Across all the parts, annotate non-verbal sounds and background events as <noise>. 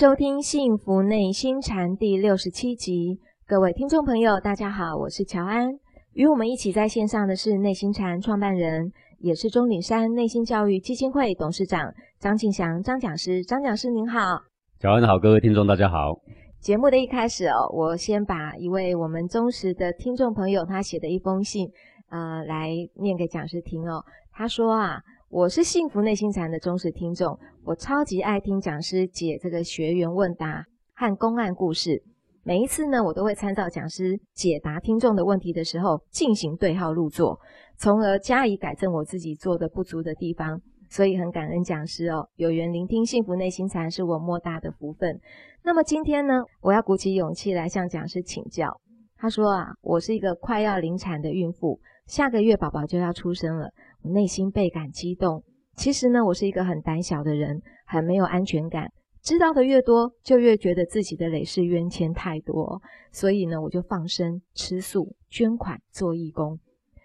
收聽《幸福內心禪》第六十七集，各位聽眾朋友，大家好，我是喬安。與我們一起在線上的是內心禪創辦人，也是中嶺山內心教育基金會董事長張慶祥張講師。張講師您好，喬安好，各位聽眾大家好。節目的一開始哦，我先把一位我們忠實的聽眾朋友他寫的一封信，呃，來念給講師聽哦。他說啊。我是幸福內心禪的忠實聽眾，我超級愛聽講師解這個學員問答和公案故事。每一次呢，我都會參照講師解答聽眾的問題的時候進行對號入座，從而加以改正我自己做的不足的地方。所以很感恩講師哦，有緣聆聽幸福內心禪是我莫大的福分。那麼今天呢，我要鼓起勇氣來向講師請教。他說啊，我是一個快要臨產的孕婦，下個月寶寶就要出生了。我內心倍感激動。其實呢，我是一個很膽小的人，很沒有安全感。知道的越多，就越覺得自己的累世冤愆太多，所以呢，我就放生、吃素、捐款、做義工，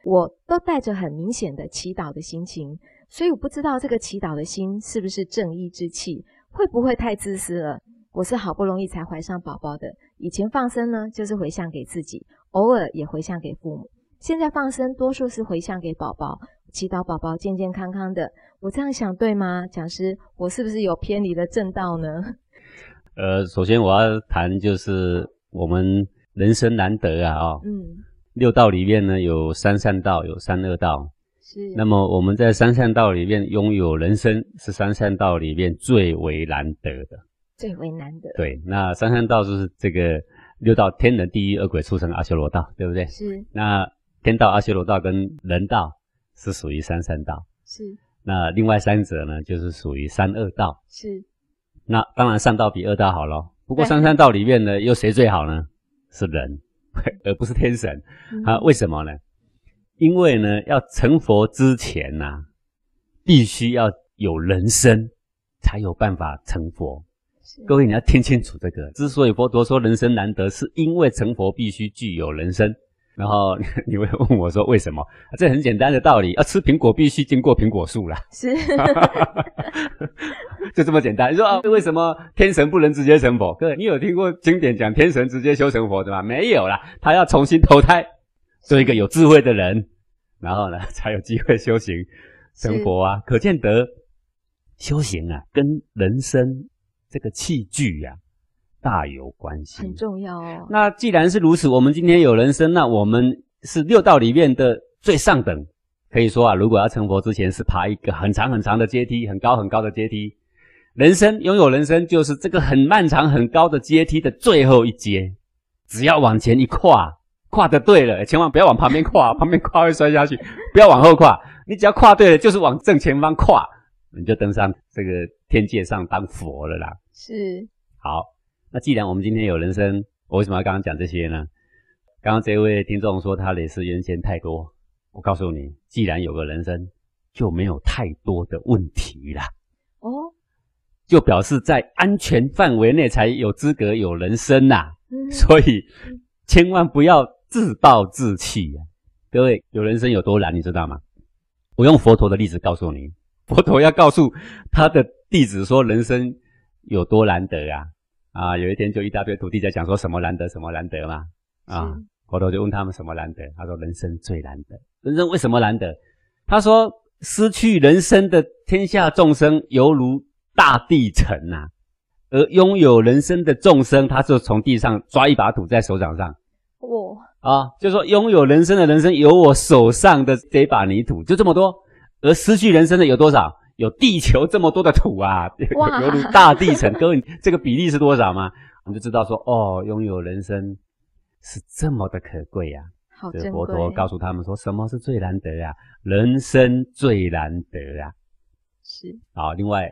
我都帶着很明顯的祈禱的心情。所以我不知道這個祈禱的心是不是正一之氣，會不會太自私了？我是好不容易才懷上寶寶的，以前放生呢，就是回向給自己，偶爾也回向給父母。現在放生多數是回向給寶寶。祈禱寶寶健健康康的，我這樣想對嗎？講師，我是不是有偏離了正道呢？呃，首先我要談就是我們人生難得啊、哦，嗯，六道裡面呢有三善道，有三惡道。是。那麼我們在三善道裡面擁有人生，是三善道裡面最為難得的。最為難得。對，那三善道就是這個六道天人地獄，惡鬼，畜生，阿修羅道，對不對？是。那天道、阿修羅道跟人道。嗯是屬於三三道，是。那另外三者呢，就是屬於三二道，是。那當然三道比二道好咯，不過三三道裡面呢，又誰最好呢？是人，而不是天神、嗯、啊？為什麼呢？因為呢，要成佛之前吶、啊，必須要有人身才有辦法成佛。是。各位你要聽清楚這個，之所以佛陀說人身難得，是因為成佛必須具有人身。然後你會問我說：“為什麼啊？這很簡單的道理啊，要吃蘋果必須經過蘋果樹啦。是，哈哈哈，就這麼簡單。你說啊，為什麼天神不能直接成佛？各位，你有聽過經典講天神直接修成佛的嗎？沒有啦，他要重新投胎，做一個有智慧的人，然後呢，才有機會修行成佛啊。可見得修行啊，跟人生這個器具呀，啊。大有關係，很重要哦。那既然是如此，我們今天有人生，那我們是六道裡面的最上等。可以說啊，如果要成佛之前，是爬一個很長很長的階梯，很高很高的階梯。人生擁有人生，就是這個很漫長很高的階梯的最後一階。只要往前一跨，跨的對了，欸，千萬不要往旁邊跨， <laughs> 旁邊跨會摔下去。不要往後跨，你只要跨對了，就是往正前方跨，你就登上這個天界上當佛了啦。是，好。那既然我們今天有人生，我為什麼要剛剛講這些呢？剛剛這位聽眾說他累世冤錢太多，我告訴你，既然有個人生，就沒有太多的問題啦哦，就表示在安全範圍內才有資格有人生吶、啊。所以千萬不要自暴自棄啊！各位，有人生有多難，你知道嗎？我用佛陀的例子告訴你，佛陀要告訴他的弟子說，人生有多難得啊！啊，有一天就一大堆徒弟在講說什麼難得什麼難得嘛，啊，佛陀就問他們什麼難得，他說人生最難得，人生為什麼難得？他說失去人生的天下眾生猶如大地塵吶、啊，而擁有人生的眾生，他就從地上抓一把土在手掌上，喔啊，就說擁有人生的人生有我手上的這把泥土就這麼多，而失去人生的有多少？有地球這麼多的土啊，有 <laughs> 如大地層，各位，這個比例是多少嗎？我們就知道說，哦，擁有人生是這麼的可貴呀、啊。好，對，佛陀告訴他們說，什麼是最難得呀、啊？人生最難得啊。是。好，另外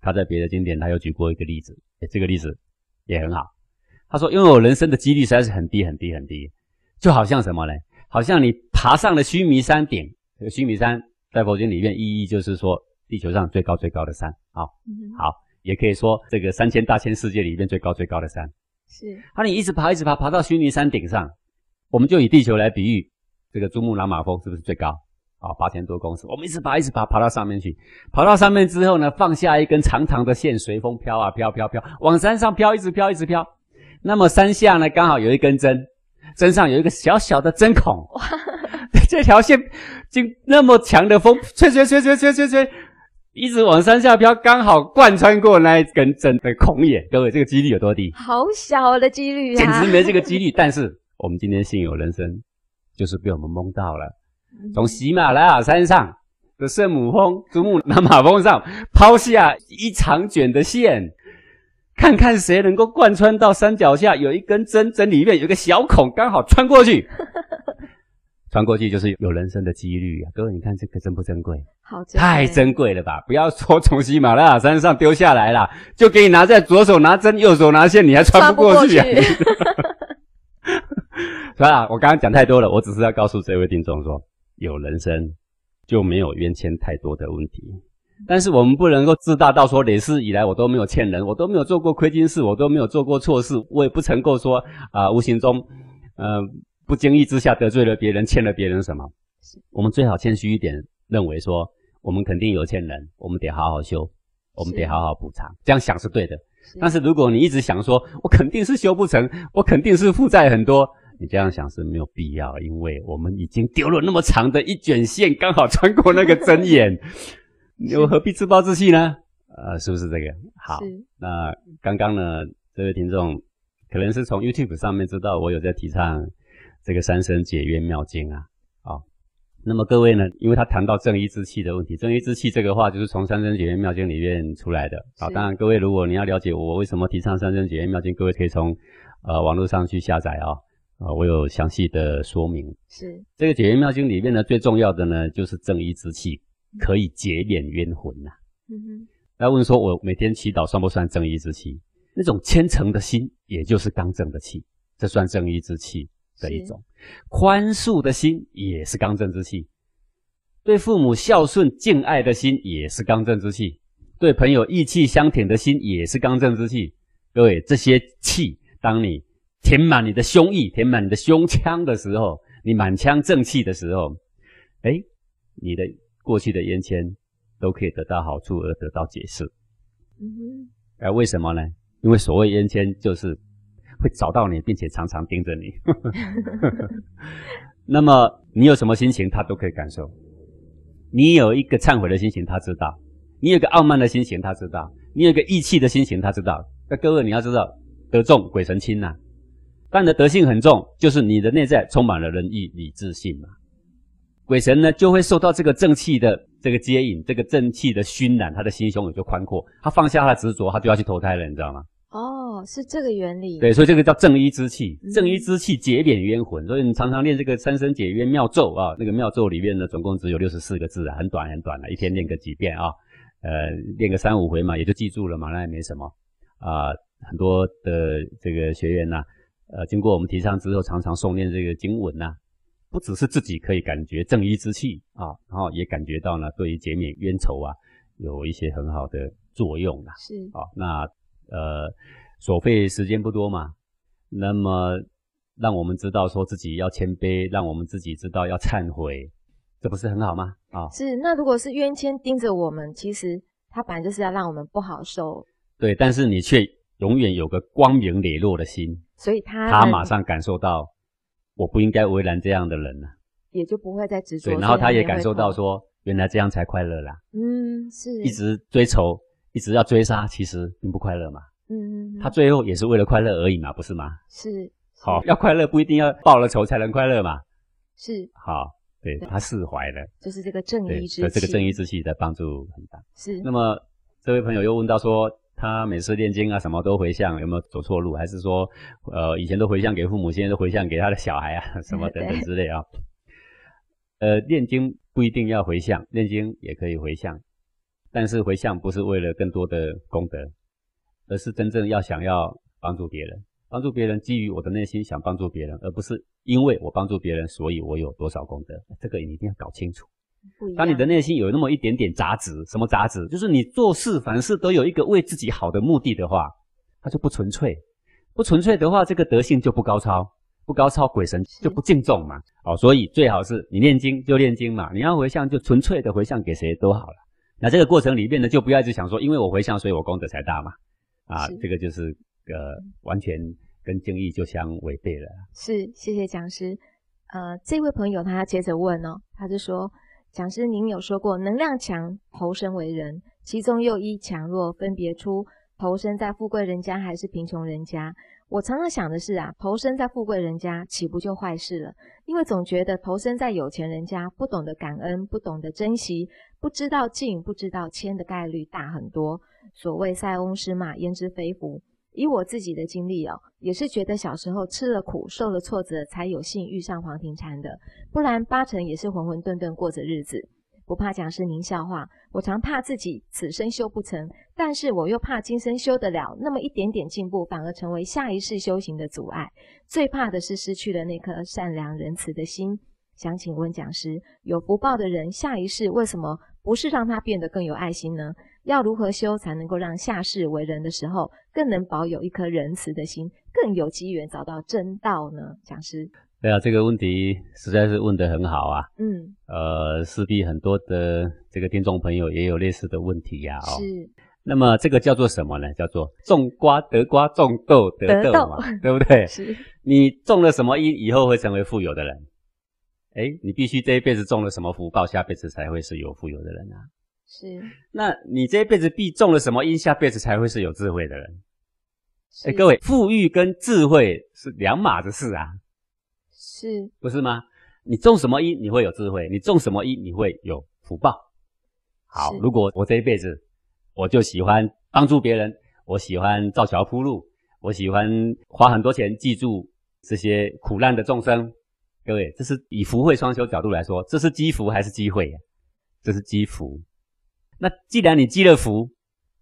他在別的經典，他又舉過一個例子、欸，這個例子也很好。他說，擁有人生的幾率實在是很低很低很低，就好像什麼呢？好像你爬上了須彌山頂。這個須彌山在佛經裡面意義就是說。地球上最高最高的山，好、嗯、好，也可以說這個三千大千世界裡面最高最高的山是。好、啊，你一直爬一直爬，爬到虛擬山頂上，我們就以地球來比喻，這個珠穆朗瑪峰是不是最高啊？八千多公尺，我們一直爬一直爬，爬到上面去，爬到上面之後呢，放下一根長長的線，隨風飄啊飄飄飄，往山上飄，一直飄一直飄。那麼山下呢，剛好有一根針，針上有一個小小的針孔，哇！ <laughs> 這條線經那麼強的風吹吹吹，吹吹吹吹吹吹吹。一直往山下飄，剛好貫穿過那一根針的孔眼。各位，這個幾率有多低？好小的幾率啊！簡直沒這個幾率。但是我們今天幸有人生，就是被我們蒙到了。從喜馬拉雅山上的聖母峰、珠穆朗瑪峰上拋下一長卷的線，看看誰能夠貫穿到山腳下有一根針，針裡面有個小孔，剛好穿過去。穿過去就是有人生的幾率啊！各位，你看這個珍不珍貴？好，太珍貴了吧！不要說從喜馬拉雅山上丟下來了，就給你拿在左手拿針，右手拿線，你還穿不過去、啊。是吧、 <laughs> <laughs> 啊？我剛剛講太多了，我只是要告訴這位聽眾說，有人生就沒有冤欠太多的問題、嗯。但是我們不能夠自大到說，累世以來我都沒有欠人，我都沒有做過虧心事，我都沒有做過錯事，我也不曾夠說啊、呃，無形中，嗯、呃。不經意之下得罪了別人，欠了別人什麼？我們最好謙虛一點，認為說我們肯定有欠人，我們得好好修，我們得好好補償。這樣想是對的是。但是如果你一直想說，我肯定是修不成，我肯定是負債很多，你這樣想是沒有必要。因為我們已經丟了那麼長的一卷線，剛好穿過那個針眼，又 <laughs> 何必自暴自棄呢？呃，是不是這個？好，那剛剛呢，這位聽眾可能是從 YouTube 上面知道我有在提倡。這個三生解冤妙經啊，好，那麼各位呢，因為他談到正一之氣的問題，正一之氣這個話就是從三生解冤妙經裡面出來的。好，當然，各位如果你要了解我為什麼提倡三生解冤妙經，各位可以從呃網絡上去下載啊、哦，啊、呃，我有詳細的說明。是這個解冤妙經裡面呢，最重要的呢就是正一之氣可以解免冤魂吶、啊。嗯哼，那問說，我每天祈禱算不算正一之氣？那種虔誠的心，也就是剛正的氣，這算正一之氣。這一種寬恕的心也是剛正之氣，對父母孝順敬愛的心也是剛正之氣，對朋友義氣相挺的心也是剛正之氣。各位，這些氣，當你填滿你的胸臆，填滿你的胸腔的時候，你滿腔正氣的時候，哎、欸，你的過去的冤愆都可以得到好處而得到解釋。嗯哼，而、啊、為什麼呢？因為所謂冤愆就是。會找到你，並且常常盯着你。 <laughs> <laughs> 那麼你有什麼心情，他都可以感受。你有一個懺悔的心情，他知道；你有一個傲慢的心情，他知道；你有一個意氣的心情，他知道。那各位你要知道，德重鬼神欽吶。但你的德性很重，就是你的內在充滿了仁義禮智信嘛。鬼神呢就會受到這個正氣的這個接引，這個正氣的熏染他的心胸也就寬闊。他放下他的執着，他就要去投胎了，你知道嗎？哦、oh，是這個原理。對，所以這個叫正一之氣，正一之氣解免冤魂。所以你常常練這個三生解冤妙咒啊、哦，那個妙咒裡面呢，總共只有六十四個字，很短很短的，一天練個幾遍啊、哦，呃，練個三五回嘛，也就記住了嘛，那也沒什麼啊、呃。很多的這個學員呢、啊，呃，經過我們提倡之後，常常誦念這個經文吶、啊，不只是自己可以感覺正一之氣啊，然、哦、後、哦、也感覺到呢，對於減免冤仇啊，有一些很好的作用啊。是好、哦，那。呃，所費時間不多嘛，那麼讓我們知道說自己要謙卑，讓我們自己知道要懺悔，這不是很好嗎？啊、哦，是。那如果是冤親盯着我們，其實他本來就是要讓我們不好受。對，但是你卻永遠有個光明磊落的心，所以他他馬上感受到我不應該為難這樣的人了，也就不會再執着。對，然後他也感受到說原來這樣才快樂啦。嗯，是。一直追求。一直要追殺，其實並不快樂嘛。嗯，他最後也是為了快樂而已嘛，不是嗎？是。是好，要快樂不一定要報了仇才能快樂嘛。是。好，對，對他釋懷了。就是這個正一之氣，對這個正一之氣的幫助很大。是。那麼這位朋友又問到說，他每次念經啊，什麼都回向，有沒有走錯路？還是說，呃，以前都回向給父母，現在都回向給他的小孩啊，什麼等等之類啊？對對對，呃，念經不一定要回向，念經也可以回向。但是迴向不是為了更多的功德，而是真正要想要幫助別人，幫助別人基於我的內心想幫助別人，而不是因為我幫助別人，所以我有多少功德。這個你一定要搞清楚。當你的內心有那麼一點點雜質，什麼雜質？就是你做事凡事都有一個為自己好的目的的話，它就不純粹。不純粹的話，這個德性就不高超，不高超，鬼神就不敬重嘛。哦，所以最好是你念經就念經嘛，你要迴向就純粹的迴向給誰都好了。那這個過程裡面呢，就不要一直想說，因為我回向，所以我功德才大嘛，啊，這個就是呃完全跟經義就相違背了。是，謝謝講師。呃，這位朋友他接着問哦，他就說，講師您有說過，能量強投生為人，其中又依強弱分別出投生在富貴人家還是貧窮人家。我常常想的是啊，投身在富貴人家，豈不就壞事了？因為總覺得投身在有錢人家，不懂得感恩，不懂得珍惜，不知道敬，不知道謙的概率大很多。所謂塞翁失馬，焉知非福？以我自己的經歷哦，也是覺得小時候吃了苦，受了挫折，才有幸遇上黃庭禪的，不然八成也是渾渾沌沌過着日子。不怕講師您笑話，我常怕自己此生修不成，但是我又怕今生修得了那麼一點點進步，反而成為下一世修行的阻礙。最怕的是失去了那顆善良仁慈的心。想請問講師，有福報的人，下一世為什麼不是讓他變得更有愛心呢？要如何修才能夠讓下世為人的時候，更能保有一顆仁慈的心，更有機緣找到真道呢？講師。哎呀、啊，這個問題實在是問得很好啊！嗯，呃，勢必很多的這個聽眾朋友也有類似的問題呀、啊哦。是。那麼這個叫做什麼呢？叫做種瓜得瓜，種豆得豆嘛得豆，對不對？是。你種了什麼因，以後會成為富有的人。誒，你必須這一輩子種了什麼福報，下輩子才會是有富有的人啊。是。那你這一輩子必種了什麼因，下輩子才會是有智慧的人。誒，各位，富裕跟智慧是兩碼子事啊。是不是嗎？你種什麼因，你會有智慧；你種什麼因，你會有福報。好，如果我這一輩子，我就喜歡幫助別人，我喜歡造橋鋪路，我喜歡花很多錢救助這些苦難的眾生。各位，這是以福慧雙修角度來說，這是積福還是積慧啊？這是積福。那既然你積了福，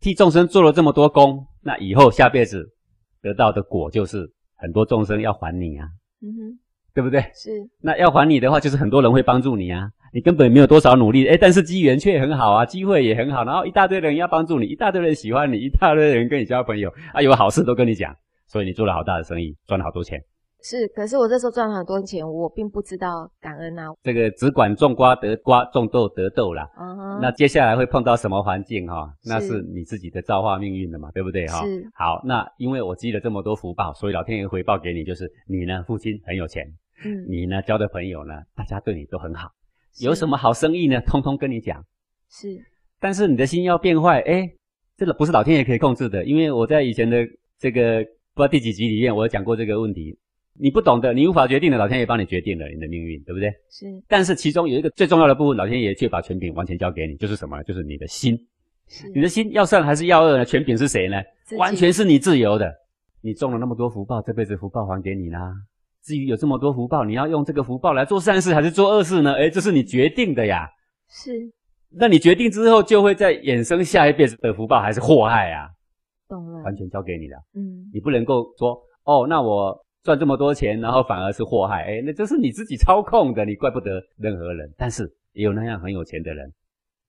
替眾生做了這麼多功，那以後下輩子得到的果就是很多眾生要還你啊。嗯哼。對不對？是。那要還你的話，就是很多人會幫助你啊，你根本沒有多少努力，誒，但是機緣卻也很好啊，機會也很好，然後一大堆人要幫助你，一大堆人喜歡你，一大堆人跟你交朋友，啊，有好事都跟你講，所以你做了好大的生意，賺了好多錢。是，可是我這時候賺了很多錢，我並不知道感恩啊。這個只管種瓜得瓜，種豆得豆啦。嗯、嗯哼。那接下來會碰到什麼環境哈、哦？那是你自己的造化命運的嘛，對不對哈、哦？是。好，那因為我積了這麼多福報，所以老天爺回報給你就是你呢，父親很有錢。嗯、你呢？交的朋友呢？大家對你都很好，有什麼好生意呢？通通跟你講。是，但是你的心要變壞，哎、欸，這個不是老天爺可以控制的。因為我在以前的這個不知道第幾集裡面，我有講過這個問題。你不懂的，你無法決定的，老天爺幫你決定了你的命運，對不對？是。但是其中有一個最重要的部分，老天爺卻把權柄完全交給你，就是什麼呢？就是你的心。是。你的心要善還是要惡呢？權柄是誰呢？完全是你自由的。你種了那麼多福報，這輩子福報還給你啦。至於有這麼多福報，你要用這個福報來做善事還是做惡事呢？誒，這是你決定的呀。是，那你決定之後就會再衍生下一輩子的福報還是禍害啊？懂了，完全交給你了。嗯，你不能夠說，哦，那我賺這麼多錢，然後反而是禍害，誒，那這是你自己操控的，你怪不得任何人。但是也有那樣很有錢的人，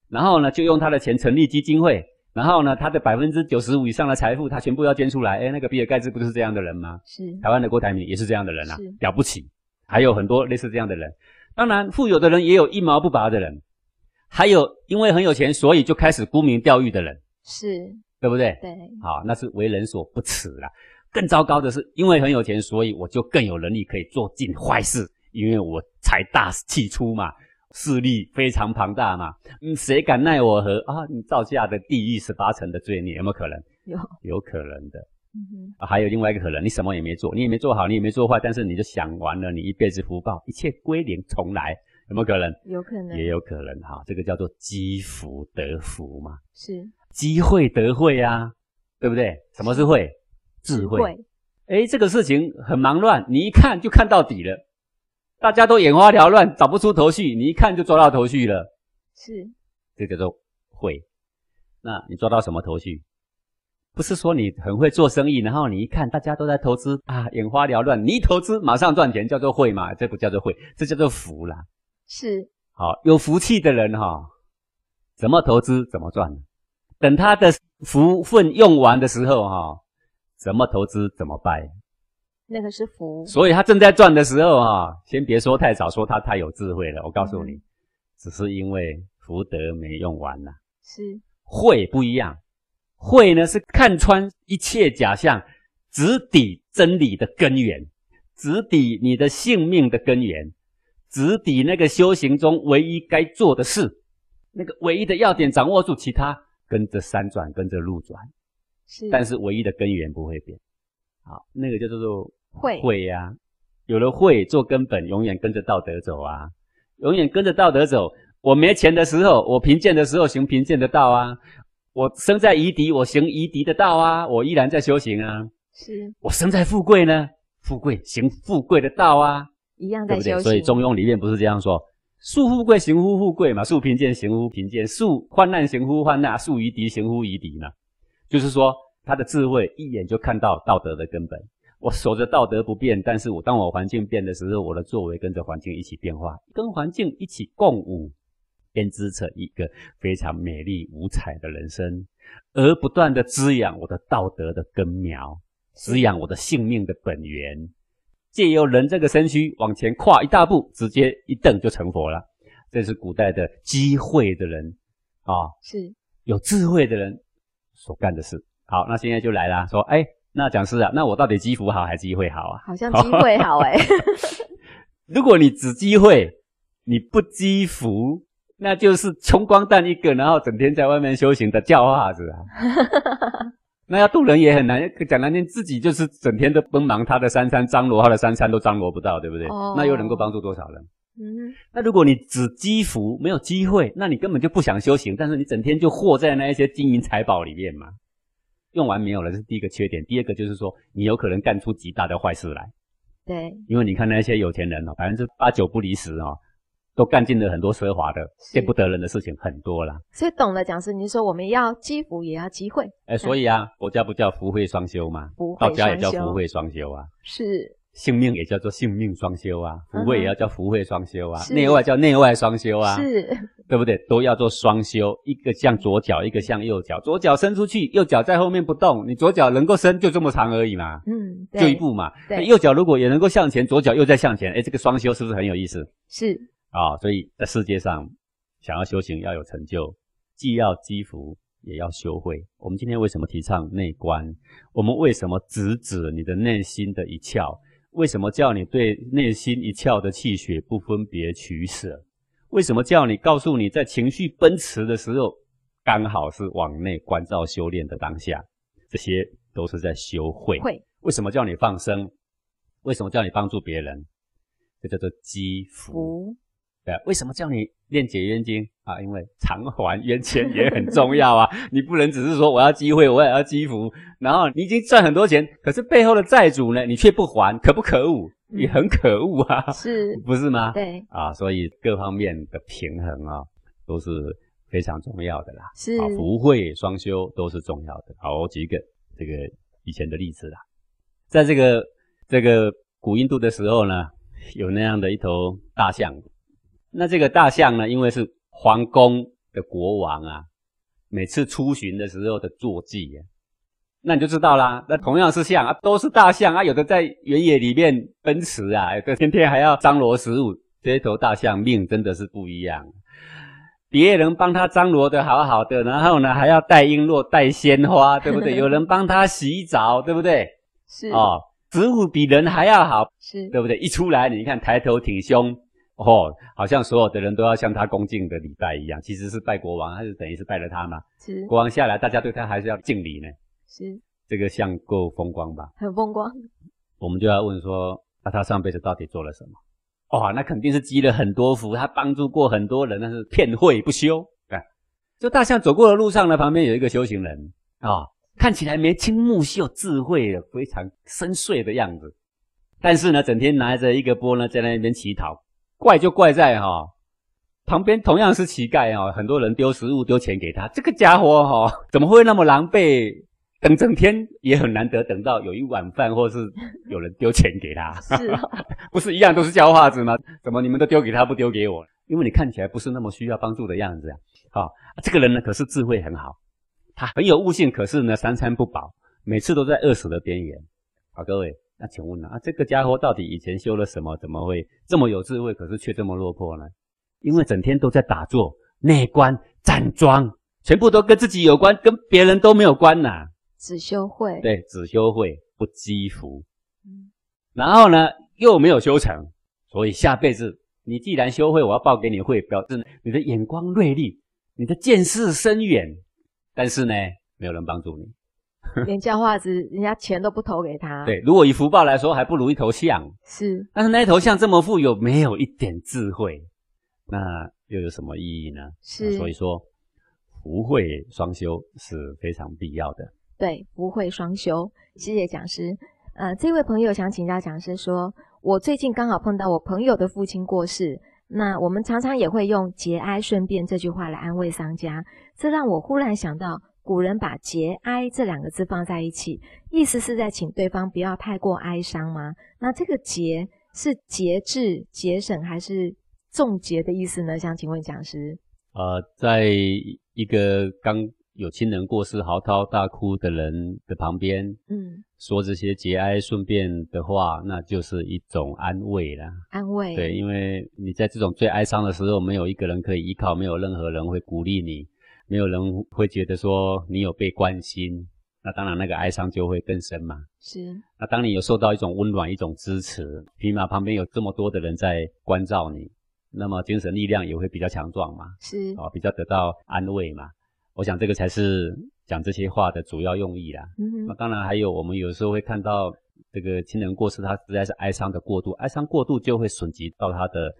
然後呢，就用他的錢成立基金會。然後呢，他的百分之九十五以上的財富，他全部要捐出來。誒，那個比爾蓋茨不是這樣的人嗎？是，台灣的郭台銘也是這樣的人啊。了不起。還有很多類似這樣的人。當然，富有的人也有一毛不拔的人，還有因為很有錢，所以就開始沽名釣譽的人，是，對不對？對，好，那是為人所不齒了。更糟糕的是，因為很有錢，所以我就更有能力可以做盡壞事，因為我財大氣粗嘛。勢力非常龐大嘛，嗯誰敢奈我何啊？你造下的地獄十八層的罪孽有沒有可能？有，有可能的。嗯哼、啊。還有另外一個可能，你什麼也沒做，你也沒做好，你也沒做壞，但是你就想完了，你一輩子福報一切歸零重來，有沒有可能？有可能，也有可能哈、啊，這個叫做積福得福嘛，是積慧得慧呀、啊，對不對？什麼是慧？是，智慧。智慧。哎、欸，這個事情很忙亂，你一看就看到底了。大家都眼花繚亂，找不出頭緒，你一看就抓到頭緒了，是，這叫做會。那你抓到什麼頭緒？不是說你很會做生意，然後你一看大家都在投資啊，眼花繚亂，你一投資馬上賺錢，叫做會嘛？這不叫做會，這叫做福啦。是，好，有福氣的人哈、哦，怎麼投資怎麼賺，等他的福分用完的時候哈、哦，怎麼投資怎麼敗。那個是福，所以他正在轉的時候，啊，先別說太早，說他太有智慧了。我告訴你，嗯、只是因為福德沒用完吶、啊，是慧不一樣，慧呢是看穿一切假象，直抵真理的根源，直抵你的性命的根源，直抵那個修行中唯一該做的事，那個唯一的要點，掌握住其他，跟着山轉，跟着路轉，是，但是唯一的根源不會變。好，那個就叫做慧、啊、慧呀，有了慧做根本，永遠跟着道德走啊，永遠跟着道德走。我沒錢的時候，我貧賤的時候行貧賤的道啊，我生在夷狄，我行夷狄的道啊，我依然在修行啊。是我生在富貴呢，富貴行富貴的道啊，一樣的修行。對不對？所以《中庸》裡面不是這樣說，素富貴行乎富貴嘛，素貧賤行乎貧賤，素患難行乎患難，素夷狄行乎夷狄嘛。就是說。他的智慧一眼就看到道德的根本。我守着道德不變，但是我當我環境變的時候，我的作為跟着環境一起變化，跟環境一起共舞，編織成一個非常美麗五彩的人生，而不斷的滋養我的道德的根苗，滋養我的性命的本源，借由人這個身軀往前跨一大步，直接一蹬，就成佛了。這是古代的機會的人啊，是有智慧的人所幹的事。好，那現在就來啦。說，哎、欸，那講師啊，那我到底積福好還是積慧好啊？好像積慧好哎、欸。 <laughs> 如果你只積慧，你不積福，那就是窮光蛋一個，然後整天在外面修行的叫化子、啊。 <laughs> 那要度人也很難。講難聽，自己就是整天都奔忙他的三餐，張羅他的三餐都張羅不到，對不對？Oh. 那又能夠幫助多少人？嗯、mm -hmm.。那如果你只積福沒有積慧，那你根本就不想修行，但是你整天就活在那一些金銀財寶裡面嘛。用完沒有了，這是第一個缺點。第二個就是說你有可能幹出極大的壞事來。對，因為你看那些有錢人哦，百分之八九不離十哦，都幹盡了很多奢華的見不得人的事情，很多啦。所以懂了，講師，您說我們要積福也要積慧哎、欸，所以啊，佛家不叫福慧雙修嗎？福慧雙修？道家也叫福慧雙修啊。是。性命也叫做性命雙修啊，福慧也要叫福慧雙修啊，內、嗯、外叫內外雙修啊，是，對不對？都要做雙修，一個向左腳，一個向右腳，左腳伸出去，右腳在後面不動，你左腳能夠伸，就這麼長而已嘛，嗯，對，就一步嘛，右腳如果也能夠向前，左腳又再向前，誒，這個雙修是不是很有意思？是，啊、哦，所以在世界上想要修行要有成就，既要積福也要修慧。我們今天為什麼提倡內觀？我們為什麼直指你的內心的一竅？為什麼叫你對內心一竅的氣血不分別取捨？為什麼叫你告訴你在情緒奔馳的時候，剛好是往內觀照修煉的當下？這些都是在修慧會。為什麼叫你放生？為什麼叫你幫助別人？這叫做積福。對、嗯，為什麼叫你練解冤經？啊，因為償還冤錢也很重要啊！ <laughs> 你不能只是說我要積慧，我也要積福，然後你已經賺很多錢，可是背後的債主呢，你卻不還，可不可惡？你、嗯、很可惡啊，是不是嗎？對，啊，所以各方面的平衡啊，都是非常重要的啦。是，福慧雙修都是重要的，好，我舉個這個以前的例子啦。在這個這個古印度的時候呢，有那樣的一頭大象，那這個大象呢，因為是。皇宮的國王啊，每次出巡的時候的坐騎啊，那你就知道啦。那同樣是象啊，都是大象啊，有的在原野裡面奔馳啊，有的天天還要張羅食物，這些頭大象命真的是不一樣。別人幫他張羅的好好的，然後呢還要帶瓔珞、帶鮮花，對不對？ <laughs> 有人幫他洗澡，對不對？是哦，食物比人還要好，是對不對？一出來你看，抬頭挺胸。哦，好像所有的人都要向他恭敬的禮拜一樣，其實是拜國王，還是等於是拜了他嘛。是。國王下來，大家對他還是要敬禮呢。是。這個象夠風光吧？很風光。我們就要問說，那他上輩子到底做了什麼？哦，那肯定是積了很多福，他幫助過很多人，但是偏慧不修。對、啊。就大象走過的路上呢，旁邊有一個修行人啊、哦，看起來眉清目秀，智慧非常深邃的樣子，但是呢，整天拿着一個缽呢，在那邊乞討。怪就怪在哈、哦，旁邊同樣是乞丐哈、哦，很多人丟食物，丟錢給他，這個家伙哈、哦，怎麼會那麼狼狽？等整天也很難得等到有一碗飯，或是有人丟錢給他， <laughs> 是、啊， <laughs> 不是一樣都是叫化子嗎？怎麼你們都丟給他，不丟給我？因為你看起來不是那麼需要幫助的樣子啊！哦、啊，這個人呢，可是智慧很好，他很有悟性，可是呢，三餐不飽，每次都在餓死的邊緣。好，各位。那請問呢、啊？啊，這個家伙到底以前修了什麼？怎麼會這麼有智慧，可是卻這麼落魄呢？因為整天都在打坐、內觀、站樁，全部都跟自己有關，跟別人都沒有關吶、啊。只修慧，對，只修慧，不積福。嗯。然後呢，又沒有修成，所以下輩子你既然修慧，我要報給你慧，表示你的眼光銳利，你的見識深遠，但是呢，沒有人幫助你。 <laughs> 連叫花子，人家錢都不投給他。對，如果以福報來說，還不如一頭象。是，但是那一頭象這麼富有，沒有一點智慧，那又有什麼意義呢？是，所以說福慧雙修是非常必要的。對，福慧雙修，謝謝講師。呃，這位朋友想請教講師說，說我最近剛好碰到我朋友的父親過世，那我們常常也會用“節哀順變”這句話來安慰喪家，這讓我忽然想到。古人把“節哀”這兩個字放在一起，意思是在請對方不要太過哀傷嗎？那這個“節”是節制、節省，還是重節的意思呢？想請問講師。呃，在一個剛有親人過世、嚎啕大哭的人的旁邊，嗯，說這些節哀順變的話，那就是一種安慰了。安慰。對，因為你在這種最哀傷的時候，沒有一個人可以依靠，沒有任何人會鼓勵你。沒有人會覺得說你有被關心，那當然那個哀傷就會更深嘛。是。那當你有受到一種溫暖、一種支持，起碼旁邊有這麼多的人在關照你，那麼精神力量也會比較強壯嘛。是。哦，比較得到安慰嘛。我想這個才是講這些話的主要用意啦。嗯哼。那當然還有，我們有時候會看到這個親人過世，他實在是哀傷的過度，哀傷過度就會損及到他的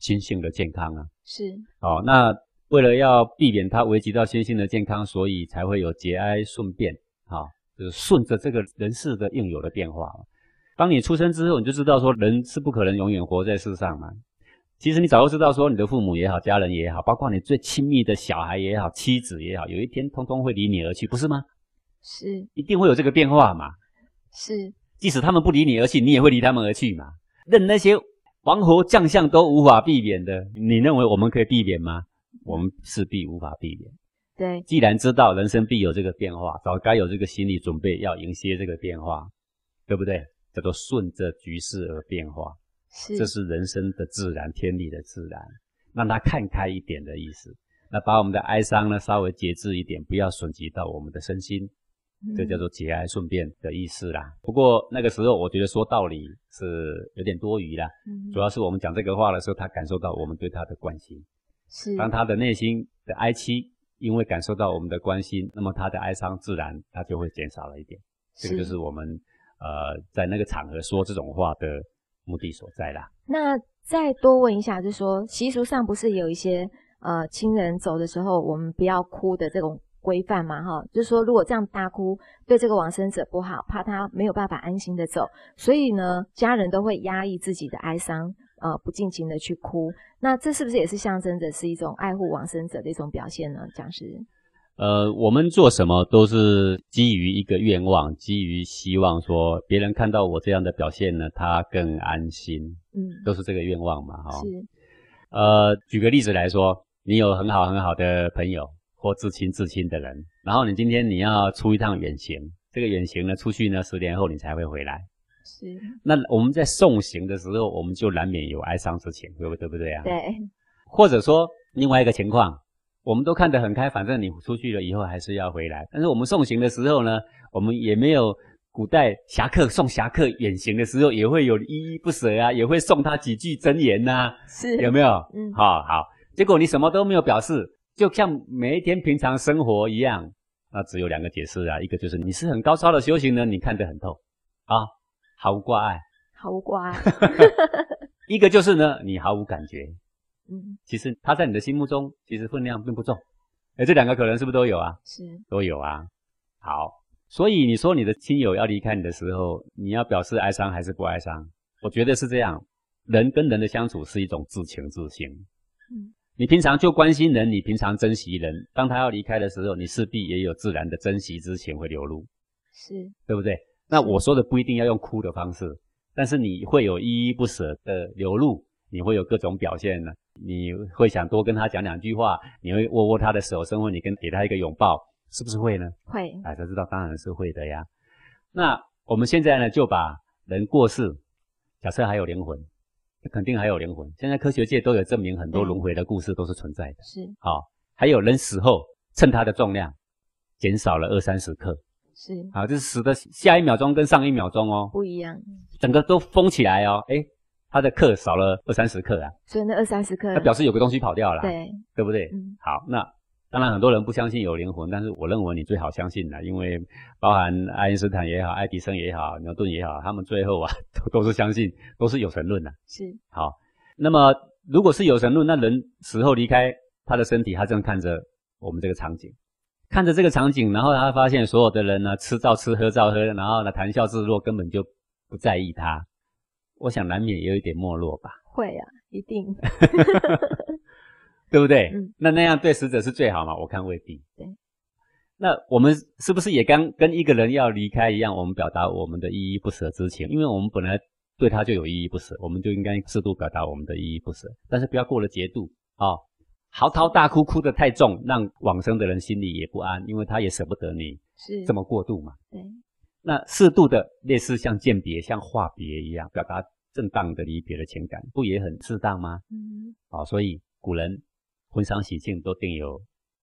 心性的健康啊。是。好，哦，那。為了要避免他危及到身心的健康，所以才會有節哀順變，好，哦，就是順着這個人世的應有的變化。當你出生之後，你就知道說人是不可能永遠活在世上嘛。其實你早就知道說你的父母也好，家人也好，包括你最親密的小孩也好，妻子也好，有一天通通會離你而去，不是嗎？是，一定會有這個變化嘛。是，即使他們不離你而去，你也會離他們而去嘛。任那些王侯將相都無法避免的，你認為我們可以避免嗎？我們勢必無法避免。對，既然知道人生必有這個變化，早該有這個心理準備，要迎接這個變化，對不對？叫做順着局勢而變化，是，這是人生的自然，天理的自然，讓他看開一點的意思。那把我們的哀傷呢，稍微節制一點，不要損及到我們的身心，嗯，這叫做節哀順變的意思啦。不過那個時候，我覺得說道理是有點多餘啦。嗯，主要是我們講這個話的時候，他感受到我們對他的關心。是，當他的內心的哀戚，因為感受到我們的關心，那麼他的哀傷自然他就會減少了一點。這個就是我們呃在那個場合說這種話的目的所在啦。那再多問一下，就是說習俗上不是有一些呃親人走的時候我們不要哭的這種規範嘛？哈，就是說如果這樣大哭對這個往生者不好，怕他沒有辦法安心的走，所以呢家人都會壓抑自己的哀傷。呃，不盡情的去哭，那這是不是也是象徵着是一種愛護往生者的一種表現呢？講師，呃，我們做什麼都是基於一個願望，基於希望說別人看到我這樣的表現呢，他更安心，嗯，都是這個願望嘛，哈、哦。是。呃，舉個例子來說，你有很好很好的朋友或至親至親的人，然後你今天你要出一趟遠行，這個遠行呢，出去呢十年後你才會回來。是，那我們在送行的時候，我們就難免有哀傷之情，對不對？對不對啊。對。或者說另外一個情況，我們都看得很開，反正你出去了以後還是要回來。但是我們送行的時候呢，我們也沒有古代俠客送俠客遠行的時候，也會有依依不捨啊，也會送他幾句真言吶、啊。是，有沒有？嗯，好、哦，好。結果你什麼都沒有表示，就像每一天平常生活一樣。那只有兩個解釋啊，一個就是你是很高超的修行人，你看得很透啊。哦毫無掛礙，毫無掛礙。一個就是呢，你毫無感覺。嗯，其實他在你的心目中，其實分量並不重。誒，這兩個可能是不是都有啊？是，都有啊。好，所以你說你的親友要離開你的時候，你要表示哀傷還是不哀傷？我覺得是這樣。人跟人的相處是一種至情至性。嗯，你平常就關心人，你平常珍惜人，當他要離開的時候，你勢必也有自然的珍惜之情會流露。是，對不對？那我說的不一定要用哭的方式，但是你會有依依不捨的流露，你會有各種表現呢，你會想多跟他講兩句話，你會握握他的手，甚或你跟給他一個擁抱，是不是會呢？會，哎，他知道當然是會的呀。那我們現在呢，就把人過世，假設還有靈魂，肯定還有靈魂。現在科學界都有證明，很多輪迴的故事都是存在的。是，好，哦，還有人死後，稱他的重量，減少了二三十克。是啊，就是死的下一秒鐘跟上一秒鐘哦不一樣、嗯，整個都封起來哦，誒他的克少了二三十克啊，所以那二三十克，他表示有個東西跑掉了、啊，對，對不對？嗯、好，那當然很多人不相信有靈魂，但是我認為你最好相信啦，因為包含愛因斯坦也好，愛迪生也好，牛頓也好，他們最後啊都都是相信，都是有神論的、啊。是好，那麼如果是有神論，那人死後離開他的身體，他正看着我們這個場景。看着這個場景，然後他發現所有的人呢、啊，吃照吃，喝照喝，然後呢，談笑自若，根本就不在意他。我想難免也有一點沒落吧。會啊，一定， <laughs> <laughs> 對不對、嗯？那那樣對死者是最好嘛？我看未必。對。那我們是不是也剛跟一個人要離開一樣，我們表達我們的依依不捨之情？因為我們本來對他就有依依不捨，我們就應該適度表達我們的依依不捨，但是不要過了節度啊。哦嚎啕大哭，哭得太重，讓往生的人心裡也不安，因為他也捨不得你，是這麼過度嘛？對。那適度的，類似像餞別、像話別一樣，表達正當的離別的情感，不也很適當嗎？嗯。哦，所以古人婚喪喜慶都定有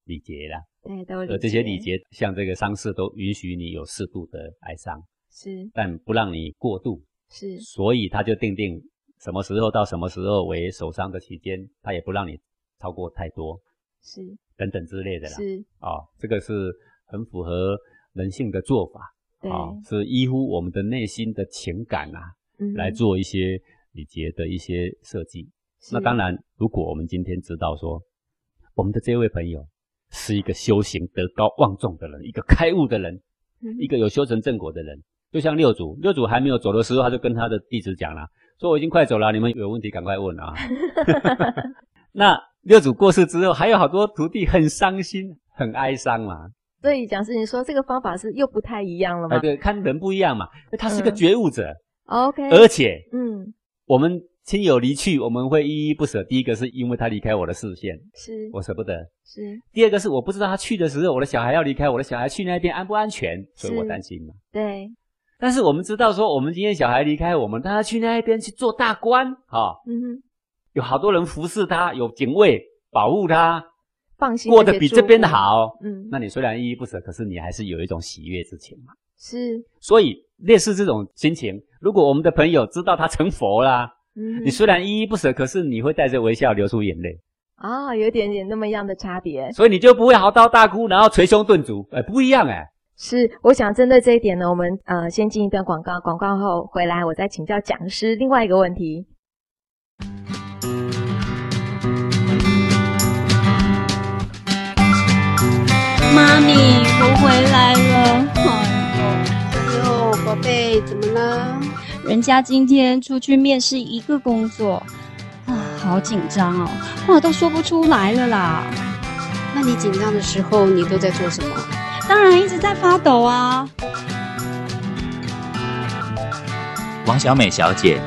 禮節啦。對，都。而這些禮節，像這個喪事，都允許你有適度的哀傷，是，但不讓你過度，是。所以他就定定什麼時候到什麼時候為守喪的期間，他也不讓你。超過太多是等等之類的啦，是，哦，這個是很符合人性的做法，啊，是依乎我們的內心的情感啊，來做一些禮節的一些設計。那當然，如果我們今天知道說，我們的這位朋友是一個修行德高望重的人，一個開悟的人，一個有修成正果的人，就像六祖，六祖還沒有走的時候，他就跟他的弟子講了，說我已經快走了，啊，你們有問題趕快問啊 <laughs> <laughs> 那六祖過世之後，還有好多徒弟很傷心、很哀傷嘛。所以講師，你說這個方法是又不太一樣了嗎？哎、對，看人不一樣嘛。是他是個覺悟者。OK、嗯。而且，嗯，我們親友離去，我們會依依不捨。第一個是因為他離開我的視線，是我捨不得。是。第二個是我不知道他去的時候，我的小孩要離開，我的小孩去那邊安不安全，所以我擔心嘛。對。但是我們知道說，我們今天小孩離開我們，他要去那邊去做大官，哈、哦。嗯哼。有好多人服侍他，有警衛保護他，放心過得比這邊的好。嗯，那你雖然依依不舍，可是你還是有一種喜悅之情嘛。是，所以類似這種心情，如果我們的朋友知道他成佛啦，嗯，你雖然依依不舍，可是你會帶着微笑流出眼淚。啊、哦，有點點那麼樣的差別，所以你就不會嚎啕大哭，然後捶胸頓足。哎，不一樣哎、啊。是，我想針對這一點呢，我們呃先進一段廣告，廣告後回來，我再請教講師另外一個問題。媽咪，我回來了。啊、哎呦，寶貝，怎麼了？人家今天出去面試一個工作，啊，好緊張哦，話都說不出來了啦。那你緊張的時候，你都在做什麼？當然一直在發抖啊。王小美小姐，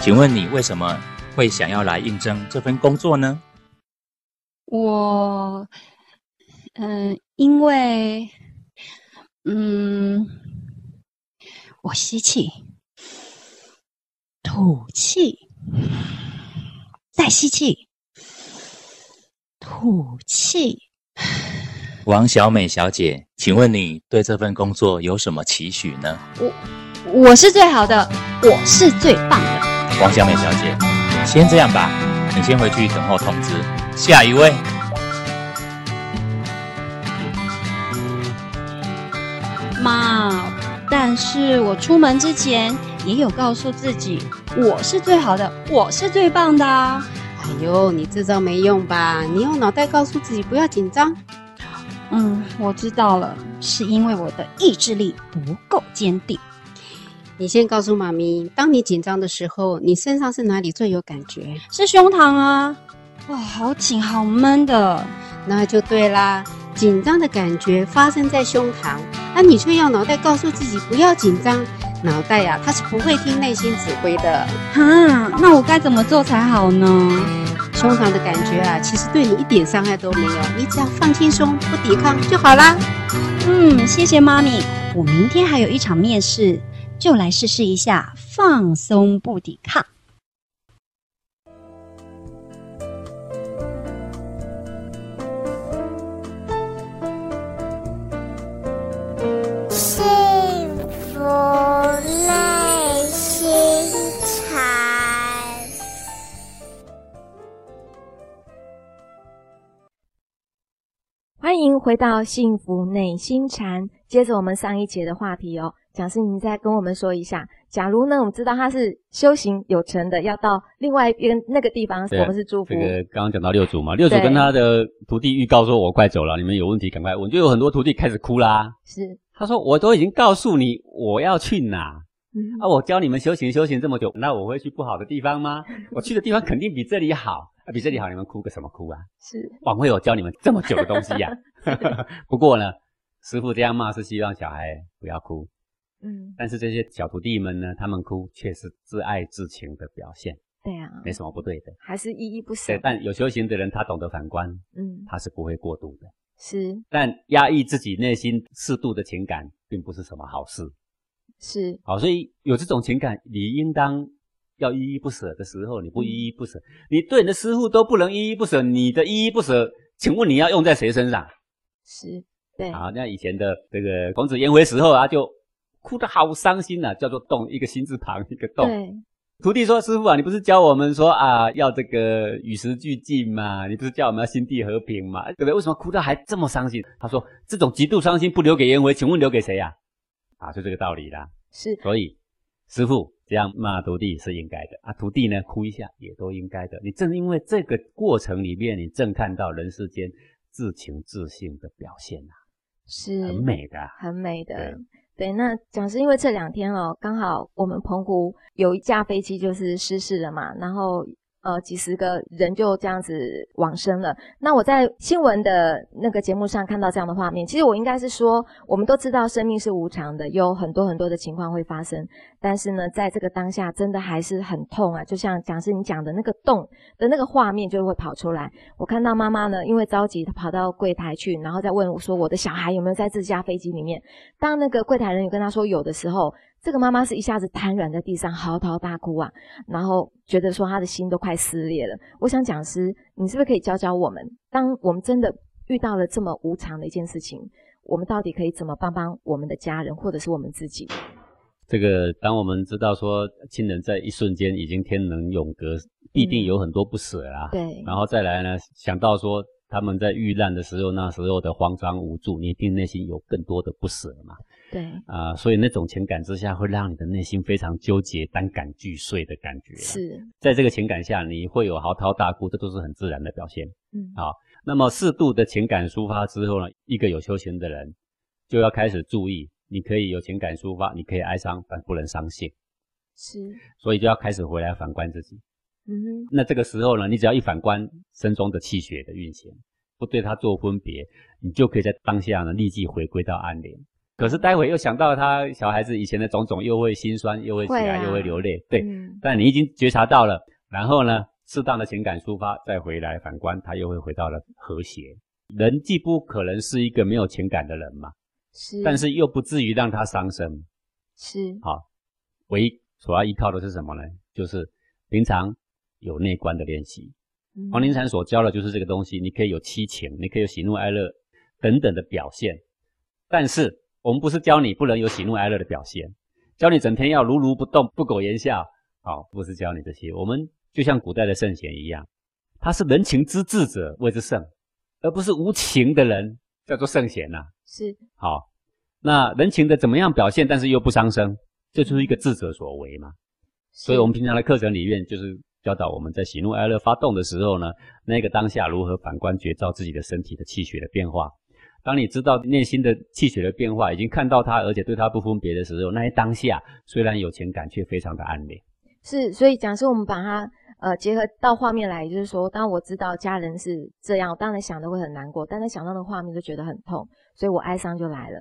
請問你為什麼會想要來應徵這份工作呢？我，嗯、呃。因為，嗯，我吸氣，吐氣，再吸氣，吐氣。王小美小姐，請問你對這份工作有什麼期許呢？我，我是最好的，我是最棒的。王小美小姐，先這樣吧，你先回去等候通知。下一位。是，我出門之前也有告訴自己，我是最好的，我是最棒的啊。哎呦，你這招沒用吧？你用腦袋告訴自己不要緊張。嗯，我知道了，是因為我的意志力不夠堅定。你先告訴媽咪，當你緊張的時候，你身上是哪裡最有感覺？是胸膛啊。哇，好緊，好悶的，那就對啦。緊張的感覺發生在胸膛，而你卻用腦袋告訴自己不要緊張。腦袋呀、啊，它是不會聽內心指揮的。哈、啊，那我該怎麼做才好呢、欸？胸膛的感覺啊，其實對你一點傷害都沒有，你只要放輕鬆，不抵抗就好啦。嗯，謝謝媽咪，我明天還有一場面試，就來試試一下放鬆不抵抗。回到幸福內心禪，接着我們上一節的話題哦、喔，講師您再跟我們說一下，假如呢，我們知道他是修行有成的，要到另外一邊那個地方、啊，我們是祝福。這個剛剛講到六祖嘛，六祖跟他的徒弟預告說：“我快走了，你們有問題趕快問。”就有很多徒弟開始哭啦。是，他說：“我都已經告訴你我要去哪。”啊！我教你們修行修行這麼久，那我會去不好的地方嗎？我去的地方肯定比這裡好，啊，比這裡好，你們哭個什麼哭啊？是，枉費我教你們這麼久的東西呀、啊。 <laughs> 不過呢，師父這樣罵是希望小孩不要哭。嗯。但是這些小徒弟們呢，他們哭卻是至愛至情的表現。對啊。沒什麼不對的。還是依依不舍。對，但有修行的人，他懂得反觀，嗯，他是不會過度的。是。但壓抑自己內心適度的情感，並不是什麼好事。是，好，所以有這種情感，你應當要依依不捨的時候，你不依依不捨，嗯、你對你的師父都不能依依不捨，你的依依不捨，請問你要用在誰身上？是，對，好，那以前的這個孔子顏回時候啊，就哭得好傷心啊，叫做“慟”一個心字旁一個“動”。對，徒弟說：“師父啊，你不是教我們說啊，要這個與時俱進嘛，你不是教我們要心地和平嘛，對不對？為什麼哭得還這麼傷心？”他說：“這種極度傷心不留給顏回，請問留給誰呀、啊？”啊，就這個道理啦，是，所以師父這樣罵徒弟是應該的啊，徒弟呢哭一下也都應該的。你正因為這個過程裡面，你正看到人世間至情至性的表現吶、啊，是很美的、啊，很美的。對，對那講是因為這兩天哦、喔，剛好我們澎湖有一架飛機就是失事了嘛，然後。呃，幾十個人就這樣子往生了。那我在新聞的那個節目上看到這樣的畫面。其實我應該是說，我們都知道生命是無常的，有很多很多的情況會發生。但是呢，在這個當下，真的還是很痛啊。就像講師你講的那個洞的那個畫面就會跑出來。我看到媽媽呢，因為着急，她跑到櫃檯去，然後再問我說：“我的小孩有沒有在自家飛機裡面？”當那個櫃檯人有跟她說有的時候。這個媽媽是一下子癱軟在地上，嚎啕大哭啊，然後覺得說她的心都快撕裂了。我想，講師，你是不是可以教教我們，當我們真的遇到了這麼無常的一件事情，我們到底可以怎麼幫幫我們的家人，或者是我們自己？這個，當我們知道說親人在一瞬間已經天人永隔，必定有很多不捨啊、嗯。對。然後再來呢，想到說他們在遇難的時候，那時候的慌張無助，你一定內心有更多的不捨嘛。對啊、呃，所以那種情感之下，會讓你的內心非常糾結、膽肝俱碎的感覺。是，在這個情感下，你會有嚎啕大哭，這都是很自然的表現。嗯好、哦，那麼適度的情感抒發之後呢，一個有修行的人就要開始注意，你可以有情感抒發，你可以哀傷，但不能傷性。是，所以就要開始回來反觀自己。嗯哼，那這個時候呢，你只要一反觀身中的氣血的運行，不對它做分別，你就可以在當下呢立即回歸到安寧。可是待會又想到他小孩子以前的種種，又會心酸，又會起來，會啊、又會流淚。對、嗯，但你已經覺察到了，然後呢，適當的情感抒發再回來，反觀他又會回到了和諧。人既不可能是一個沒有情感的人嘛，是，但是又不至於讓他傷身。是，好，唯一所要依靠的是什麼呢？就是平常有內觀的練習。黃、嗯、庭禪所教的就是這個東西，你可以有七情，你可以有喜怒哀樂等等的表現，但是。我們不是教你不能有喜怒哀樂的表現，教你整天要如如不動、不苟言笑，好，不是教你這些。我們就像古代的聖賢一樣，他是人情之智者謂之聖，而不是無情的人叫做聖賢吶、啊。是，好，那人情的怎麼樣表現，但是又不傷身，這就是一個智者所為嘛。所以，我們平常的課程裡面就是教導我們在喜怒哀樂发動的時候呢，那個當下如何反觀覺照自己的身體的氣血的變化。當你知道內心的氣血的變化，已經看到它，而且對它不分別的時候，那些當下雖然有情感，卻非常的暗戀。是，所以講，是我們把它呃結合到畫面來，也就是說，當我知道家人是這樣，當然想的會很難過，但是想到的畫面就覺得很痛，所以我哀傷就來了。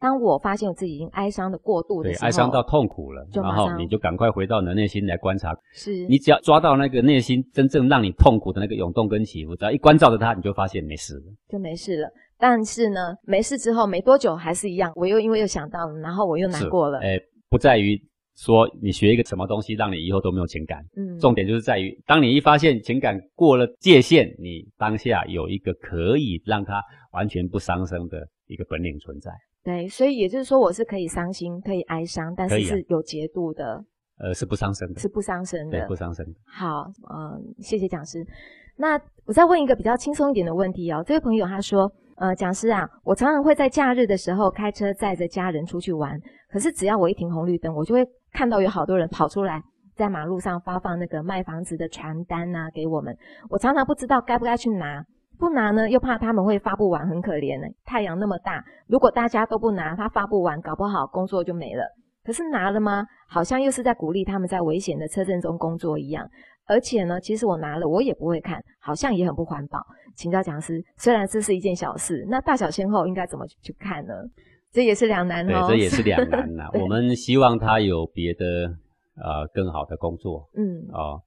當我發現我自己已經哀傷的過度的時候，對，哀傷到痛苦了，然後你就趕快回到你的內心來觀察。是，你只要抓到那個內心真正讓你痛苦的那個湧動跟起伏，只要一關照着它，你就發現沒事了，就沒事了。但是呢，沒事之後沒多久還是一樣，我又因為又想到了，然後我又難過了。哎、欸，不在於說你學一個什麼東西讓你以後都沒有情感，嗯，重點就是在於，當你一發現情感過了界限，你當下有一個可以讓它完全不傷身的一個本領存在。對，所以也就是說，我是可以傷心，可以哀傷，但是是有節度的。呃，是不傷身的，是不傷身的，對，不傷身的。好，嗯、呃，謝謝講師。那我再問一個比較輕鬆一點的問題哦，這位朋友他說。呃，講師啊，我常常會在假日的時候開車載着家人出去玩。可是只要我一停紅綠燈，我就會看到有好多人跑出來在馬路上發放那個賣房子的傳單吶、啊、給我們。我常常不知道該不該去拿，不拿呢又怕他們會發不完，很可憐、欸。太陽那麼大，如果大家都不拿，他發不完，搞不好工作就沒了。可是拿了嗎？好像又是在鼓勵他們在危險的車陣中工作一樣。而且呢，其實我拿了，我也不會看，好像也很不環保。請教講師，雖然這是一件小事，那大小先後應該怎麼去，去看呢？這也是兩難哦。對，這也是兩難吶，啊。 <laughs> 我們希望他有別的，呃，更好的工作。嗯。哦。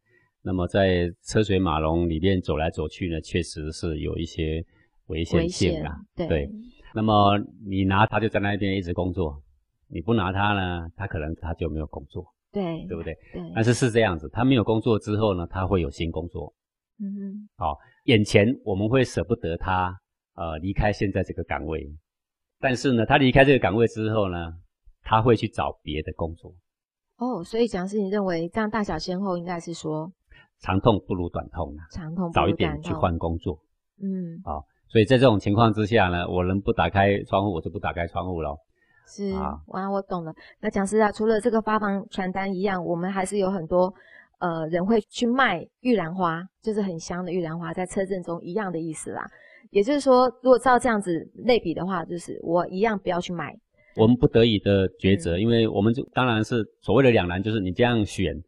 那麼在車水馬龍裡面走來走去呢，確實是有一些危險性啊。對，對。那麼你拿他就在那邊一直工作，你不拿他呢，他可能他就沒有工作。對，對不對？對。但是是這樣子，他沒有工作之後呢，他會有新工作。嗯哼，好、哦，眼前我們會捨不得他，呃，離開現在這個崗位。但是呢，他離開這個崗位之後呢，他會去找別的工作。哦，所以講是你認為這樣大小先後應該是說，長痛不如短痛啊。長痛不如短痛。早一點去換工作。嗯。好、哦。所以在這種情況之下呢，我能不打開窗戶，我就不打開窗戶咯。是啊，啊，我懂了。那講師啊，除了這個發放傳單一樣，我們還是有很多，呃，人會去賣玉蘭花，就是很香的玉蘭花，在車陣中一樣的意思啦。也就是說，如果照這樣子類比的話，就是我一樣不要去買。我們不得已的抉擇，嗯，因為我們就當然是所謂的兩難，就是你這樣選，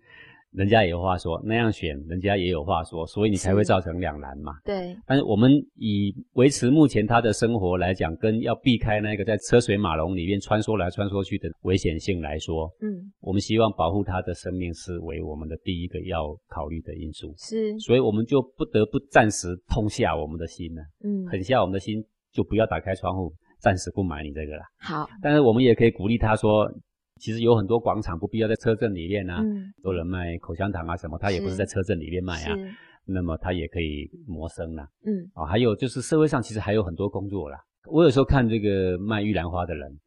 人家也有話說，那樣選人家也有話說，所以你才會造成兩難嘛。對。但是我們以維持目前他的生活來講，跟要避開那個在車水馬龍裡面穿梭來穿梭去的危險性來說，嗯，我們希望保護他的生命是為我們的第一個要考慮的因素。是。所以我們就不得不暫時痛下我們的心了，嗯，狠下我們的心，就不要打開窗戶，暫時不買你這個啦。好。但是我們也可以鼓勵他說。其實有很多廣場不必要在車陣裡面啊，有、嗯、人賣口香糖啊什麼，他也不是在車陣裡面賣啊，那麼他也可以謀生啦、啊。嗯，啊、哦，還有就是社會上其實還有很多工作啦。我有時候看這個賣玉蘭花的人，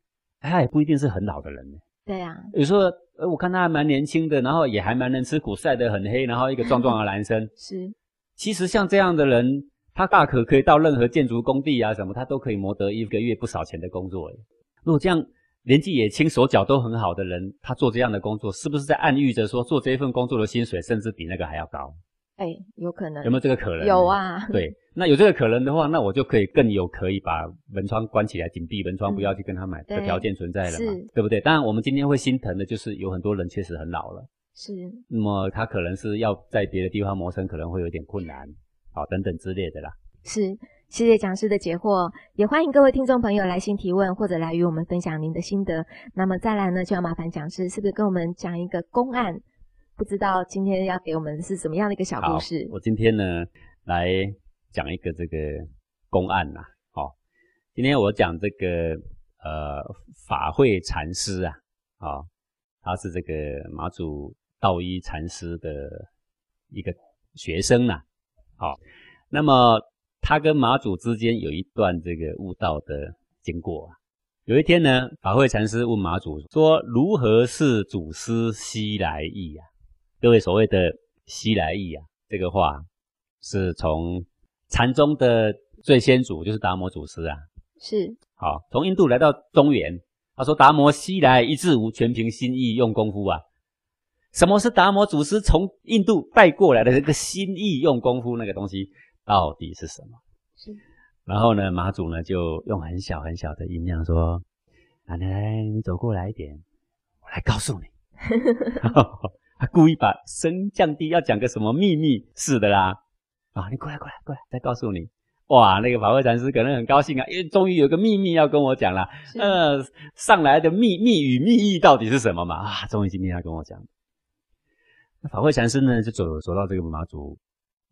他、哎、也不一定是很老的人。對啊，有時候，我看他還蠻年輕的，然後也還蠻能吃苦，曬得很黑，然後一個壯壯的男生。嗯、是，其實像這樣的人，他大可可以到任何建築工地啊什麼，他都可以謀得一個月不少錢的工作。如果這樣。年紀也輕、手腳都很好的人，他做這樣的工作，是不是在暗喻着說，做這一份工作的薪水甚至比那個還要高？哎、欸，有可能，有沒有這個可能？有啊，對，那有這個可能的話，那我就可以更有可以把門窗關起來、緊閉門窗，不要去跟他買的條件存在了嘛、嗯對，對不對？當然，我們今天會心疼的就是有很多人確實很老了，是，那麼他可能是要在別的地方磨蹭，可能會有點困難，好，等等之類的啦，是。謝謝講師的解惑，也歡迎各位聽眾朋友來信提問，或者來與我們分享您的心得。那麼再來呢，就要麻煩講師是不是跟我們講一個公案？不知道今天要給我們是什麼樣的一個小故事？好，我今天呢，來講一個這個公案吶、啊。好、哦，今天我講這個呃法會禪師啊、啊、哦、他是這個馬祖道一禪師的一個學生吶、啊。好、哦，那麼他跟馬祖之間有一段這個悟道的經過啊。有一天呢，法會禪師問馬祖說：“如何是祖師西來意啊？”各位所謂的“西來意”啊，這個話是從禪宗的最先祖就是達摩祖師啊，是。好，從印度來到中原。他說：“達摩西來一字無，全憑心意用功夫啊。”什麼是達摩祖師從印度帶過來的這個心意用功夫那個東西？到底是什麼？是。然後呢，馬祖呢就用很小很小的音量說：“奶奶，你走過來一點，我來告訴你。 <laughs> ” <laughs> 他故意把聲音降低，要講個什麼秘密似的啦。啊，你過來，過來，過來，再告訴你。哇，那個法會禪師可能很高興啊，因為終於有個秘密要跟我講了。呃，上來的秘密與密意到底是什麼嘛？啊，終於今天要跟我講。那法會禪師呢，就走走到這個馬祖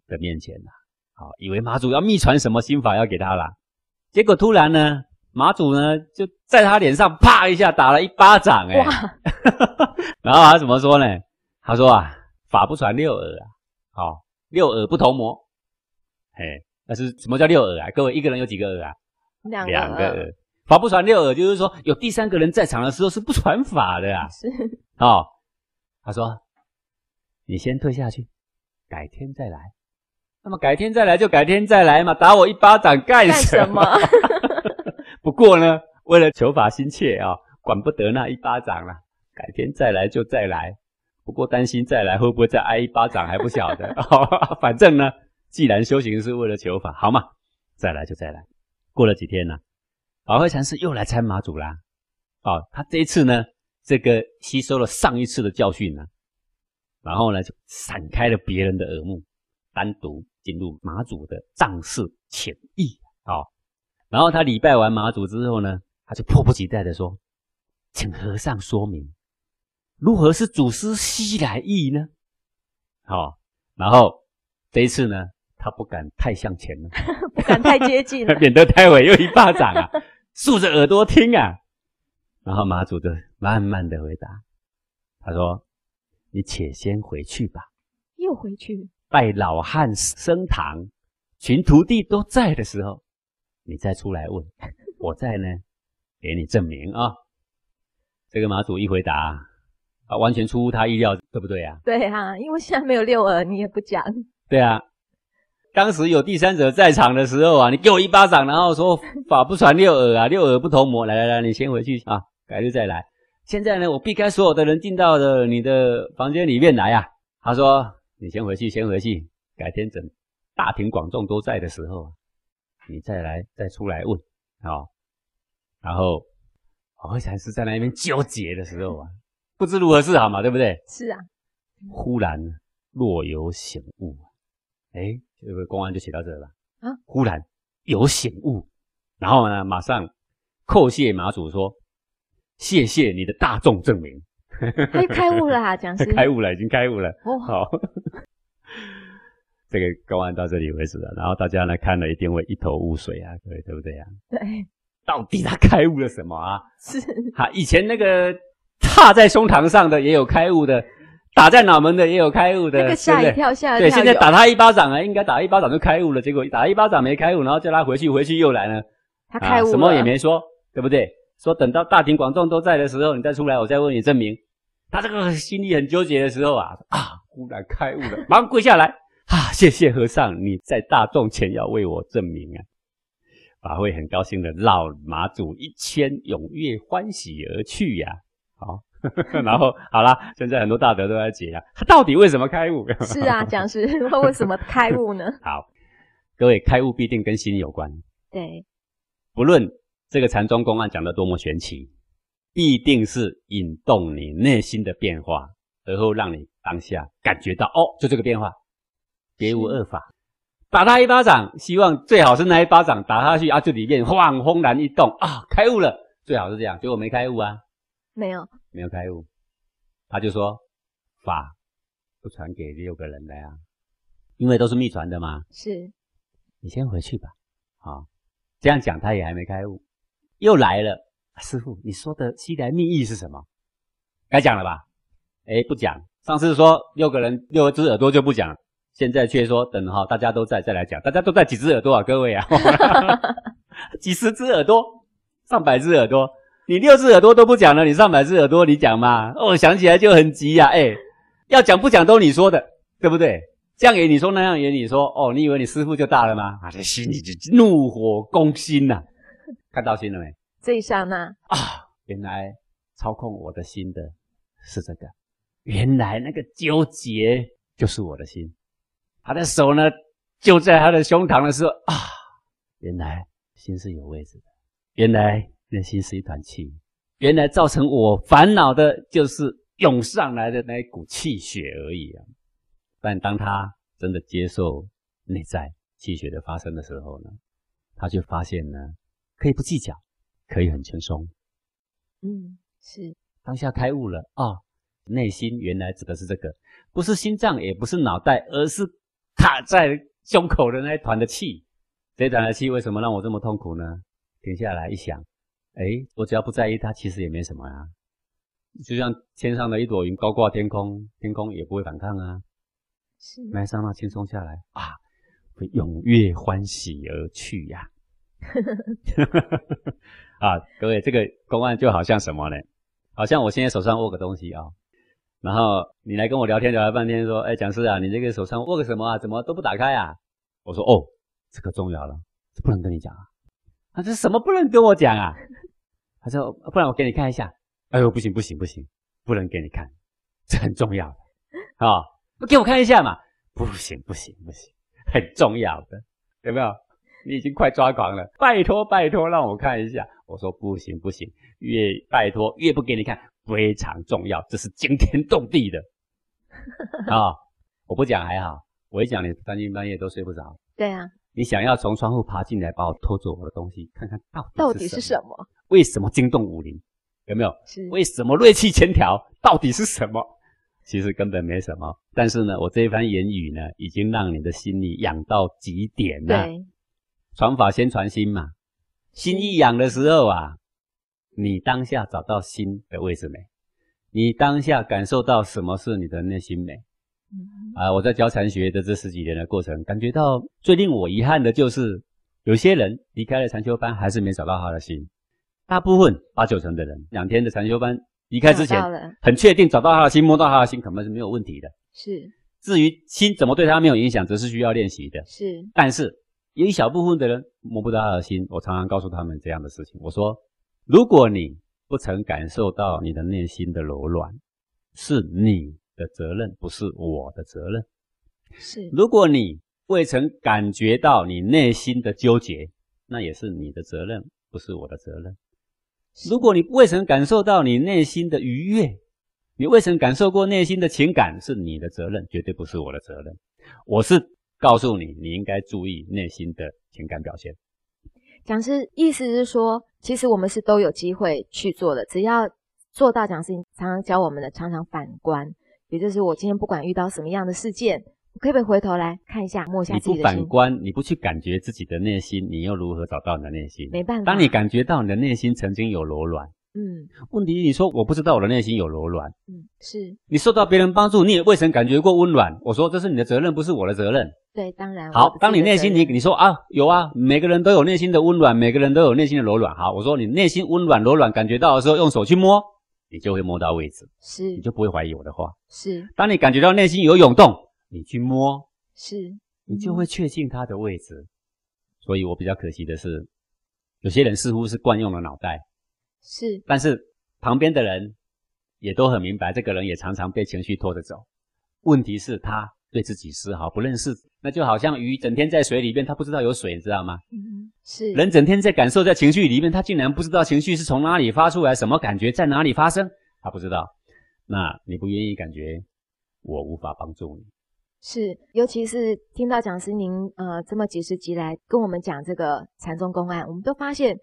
的面前啦。好，以為馬祖要密傳什麼心法要給他了，結果突然呢，馬祖呢就在他臉上啪一下打了一巴掌，哎，然後他怎麼說呢？他說啊，法不傳六耳啊，好，六耳不投魔。嘿，那是什麼叫六耳啊？各位一個人有幾個耳啊？兩個耳。法不傳六耳，就是說有第三個人在場的時候是不傳法的啊。是。好，他說你先退下去，改天再來。那麼改天再來就改天再來嘛，打我一巴掌幹什麼？幹什麼 <laughs> <laughs> 不過呢，為了求法心切啊、哦，管不得那一巴掌了。改天再來就再來，不過擔心再來會不會再挨一巴掌還不曉得。 <laughs> <laughs> 反正呢，既然修行是為了求法，好嘛，再來就再來。過了幾天呢、啊，法會禪師又來參馬祖啦。哦，他這一次呢，這個吸收了上一次的教訓呢、啊，然後呢就閃開了別人的耳目，單獨。進入馬祖的丈室請益啊，然後他禮拜完馬祖之後呢，他就迫不及待的說：“請和尚說明，如何是祖師西來意呢？”好、哦，然後這一次呢，他不敢太向前了， <laughs> 不敢太接近了， <laughs> 免得待會又一巴掌啊，豎 <laughs> 着耳朵聽啊。然後馬祖就慢慢的回答，他說：“你且先回去吧。”又回去。拜老漢升堂，群徒弟都在的時候，你再出來問，我在呢，給你證明啊、哦。這個馬祖一回答，啊，完全出乎他意料，對不對啊？對啊，因為現在沒有六耳，你也不講。對啊，當時有第三者在場的時候啊，你給我一巴掌，然後說法不傳六耳啊， <laughs> 六耳不同魔。來來來，你先回去啊，改日再來。現在呢，我避開所有的人，進到的你的房間裡面來啊。他說。你先回去，先回去，改天整，大庭廣眾都在的時候，你再來，再出來問，好、哦。然後，法會禪師在那邊糾結的時候啊、嗯，不知如何是好嘛，對不對？是啊。嗯、忽然若有醒悟，誒這個公案就寫到這了啊。忽然有醒悟，然後呢，馬上叩謝馬祖說：“謝謝你的大眾證明。”他開悟了哈、啊，講師開悟了，已經開悟了、哦。好，這個公案到這裡為止了。然後大家呢看了，一定會一頭霧水啊，各位對不對啊？對，到底他開悟了什麼啊？是，哈以前那個踏在胸膛上的也有開悟的，打在腦門的也有開悟的，那個嚇一跳，嚇一跳。對，現在打他一巴掌啊，應該打一巴掌就開悟了，結果打一巴掌沒開悟，然後叫他回去，回去又來呢。他開悟了、啊，什麼也沒說，對不對？說等到大庭廣眾都在的時候，你再出來，我再問你證明。他這個心裡很糾結的時候啊，啊，忽然開悟了，馬上跪下來啊，謝謝和尚，你在大眾前要為我證明啊。法會很高興的繞馬祖一圈踴躍歡喜而去呀、啊。好，呵呵，然後好了，現在很多大德都在解啊。他到底為什麼開悟？是啊，講師為什麼開悟呢？好，各位開悟必定跟心有關。對，不論這個禪宗公案講得多麼玄奇。必定是引動你內心的變化，而後讓你當下感覺到哦，就這個變化，別無二法。打他一巴掌，希望最好是那一巴掌打下去啊，這裡面晃轟然一動啊，開悟了。最好是這樣，結果沒開悟啊，沒有，沒有開悟。他就說法不傳給六個人的呀，啊，因為都是秘傳的嘛。是，你先回去吧。好，這樣講他也還沒開悟，又來了。啊、師傅，你說的“西來密意”是什麼？該講了吧？哎，不講。上次說六個人六隻耳朵就不講，現在卻說等哈，大家都在再來講，大家都在幾隻耳朵啊？各位啊， <laughs> 幾十隻耳朵，上百隻耳朵，你六隻耳朵都不講了，你上百隻耳朵你講嗎？哦，想起來就很急呀、啊！哎，要講不講都你說的，對不對？這樣也你說，那樣也你說，哦，你以為你師傅就大了嗎？啊，這心裡就怒火攻心吶、啊！看到心了沒？這一下呢？啊，原來操控我的心的是這個，原來那個糾結就是我的心。他的手呢，就在他的胸膛的時候啊，原來心是有位置的，原來那心是一團氣，原來造成我煩惱的就是湧上來的那一股氣血而已啊。但當他真的接受內在氣血的發生的時候呢，他就發現呢，可以不計較。可以很輕鬆，嗯，是當下開悟了哦，內心原來指的是這個，不是心臟，也不是腦袋，而是卡在胸口的那一團的氣。這一團的氣為什麼讓我這麼痛苦呢？停下來一想，哎、欸，我只要不在意它，其實也沒什麼啊。就像天上的一朵雲高掛天空，天空也不會反抗啊。是，沒想到輕鬆下來啊，會踴躍歡喜而去呀，啊。呵呵呵呵呵呵，啊，各位，這個公案就好像什麼呢？好像我現在手上握個東西啊、哦，然後你來跟我聊天，聊了半天，說：“哎、欸，講師啊，你這個手上握個什麼啊？怎麼都不打開啊？我說：“哦，這個重要了，這不能跟你講啊。啊”他說：“這什麼不能跟我講啊？”他、啊、說：“不然我給你看一下。”哎呦，不行不行不行，不能給你看，這很重要的啊！不給我看一下嘛？不行不行不行，很重要的，有沒有？你已經快抓狂了，拜託拜託，讓我看一下。我說不行不行，越拜託越不給你看，非常重要，這是驚天動地的啊、 <laughs> 哦！我不講還好，我一講你三更半夜都睡不着。對啊，你想要從窗戶爬進來把我偷走我的東西，看看到底是什麼？到底是什麼？為什麼驚動武林？有沒有？是。為什麼瑞氣千條？到底是什麼？其實根本沒什麼，但是呢，我這一番言語呢，已經讓你的心裡癢到極點了。傳法先傳心嘛，心一癢的時候啊，你當下找到心的位置沒？你當下感受到什麼是你的內心沒？嗯。啊，我在教禪學的這十幾年的過程，感覺到最令我遺憾的就是，有些人離開了禪修班還是沒找到他的心。大部分八九成的人，兩天的禪修班離開之前，很確定找到他的心，摸到他的心，可能是沒有問題的。是。至於心怎麼對他沒有影響，則是需要練習的。是。但是。有一小部分的人摸不到他的心，我常常告訴他們這樣的事情。我說，如果你不曾感受到你的內心的柔軟，是你的責任，不是我的責任。是，如果你未曾感覺到你內心的糾結，那也是你的責任，不是我的責任。如果你未曾感受到你內心的愉悅，你未曾感受過內心的情感，是你的責任，絕對不是我的責任。我是。告訴你，你應該注意內心的情感表現。講師意思是說，其實我們是都有機會去做的，只要做到講師，你常常教我們的，常常反觀，也就是我今天不管遇到什麼樣的事件，可不可以回頭來看一下，摸一下自己的心？你不反觀，你不去感覺自己的內心，你又如何找到你的內心？沒辦法。當你感覺到你的內心曾經有柔軟。嗯，問題你說我不知道我的內心有柔軟，嗯，是，你受到別人幫助，你也未曾感覺過溫暖。我說這是你的責任，不是我的責任。對，當然。好，當你內心你你說啊有啊，每個人都有內心的溫暖，每個人都有內心的柔軟。好，我說你內心溫暖柔軟感覺到的時候，用手去摸，你就會摸到位置。是，你就不會懷疑我的話。是，當你感覺到內心有湧動，你去摸，是，你就會確信它的位置。嗯。所以我比較可惜的是，有些人似乎是慣用了腦袋。是，但是旁邊的人也都很明白，這個人也常常被情緒拖着走。問題是，他對自己絲毫不認識，那就好像魚整天在水裡面，他不知道有水，你知道嗎？嗯，是。人整天在感受在情緒裡面，他竟然不知道情緒是從哪裡發出來，什麼感覺在哪裡發生，他不知道。那你不願意感覺，我無法幫助你。是，尤其是聽到講師您呃這麼幾十集來跟我們講這個禪宗公案，我們都發現。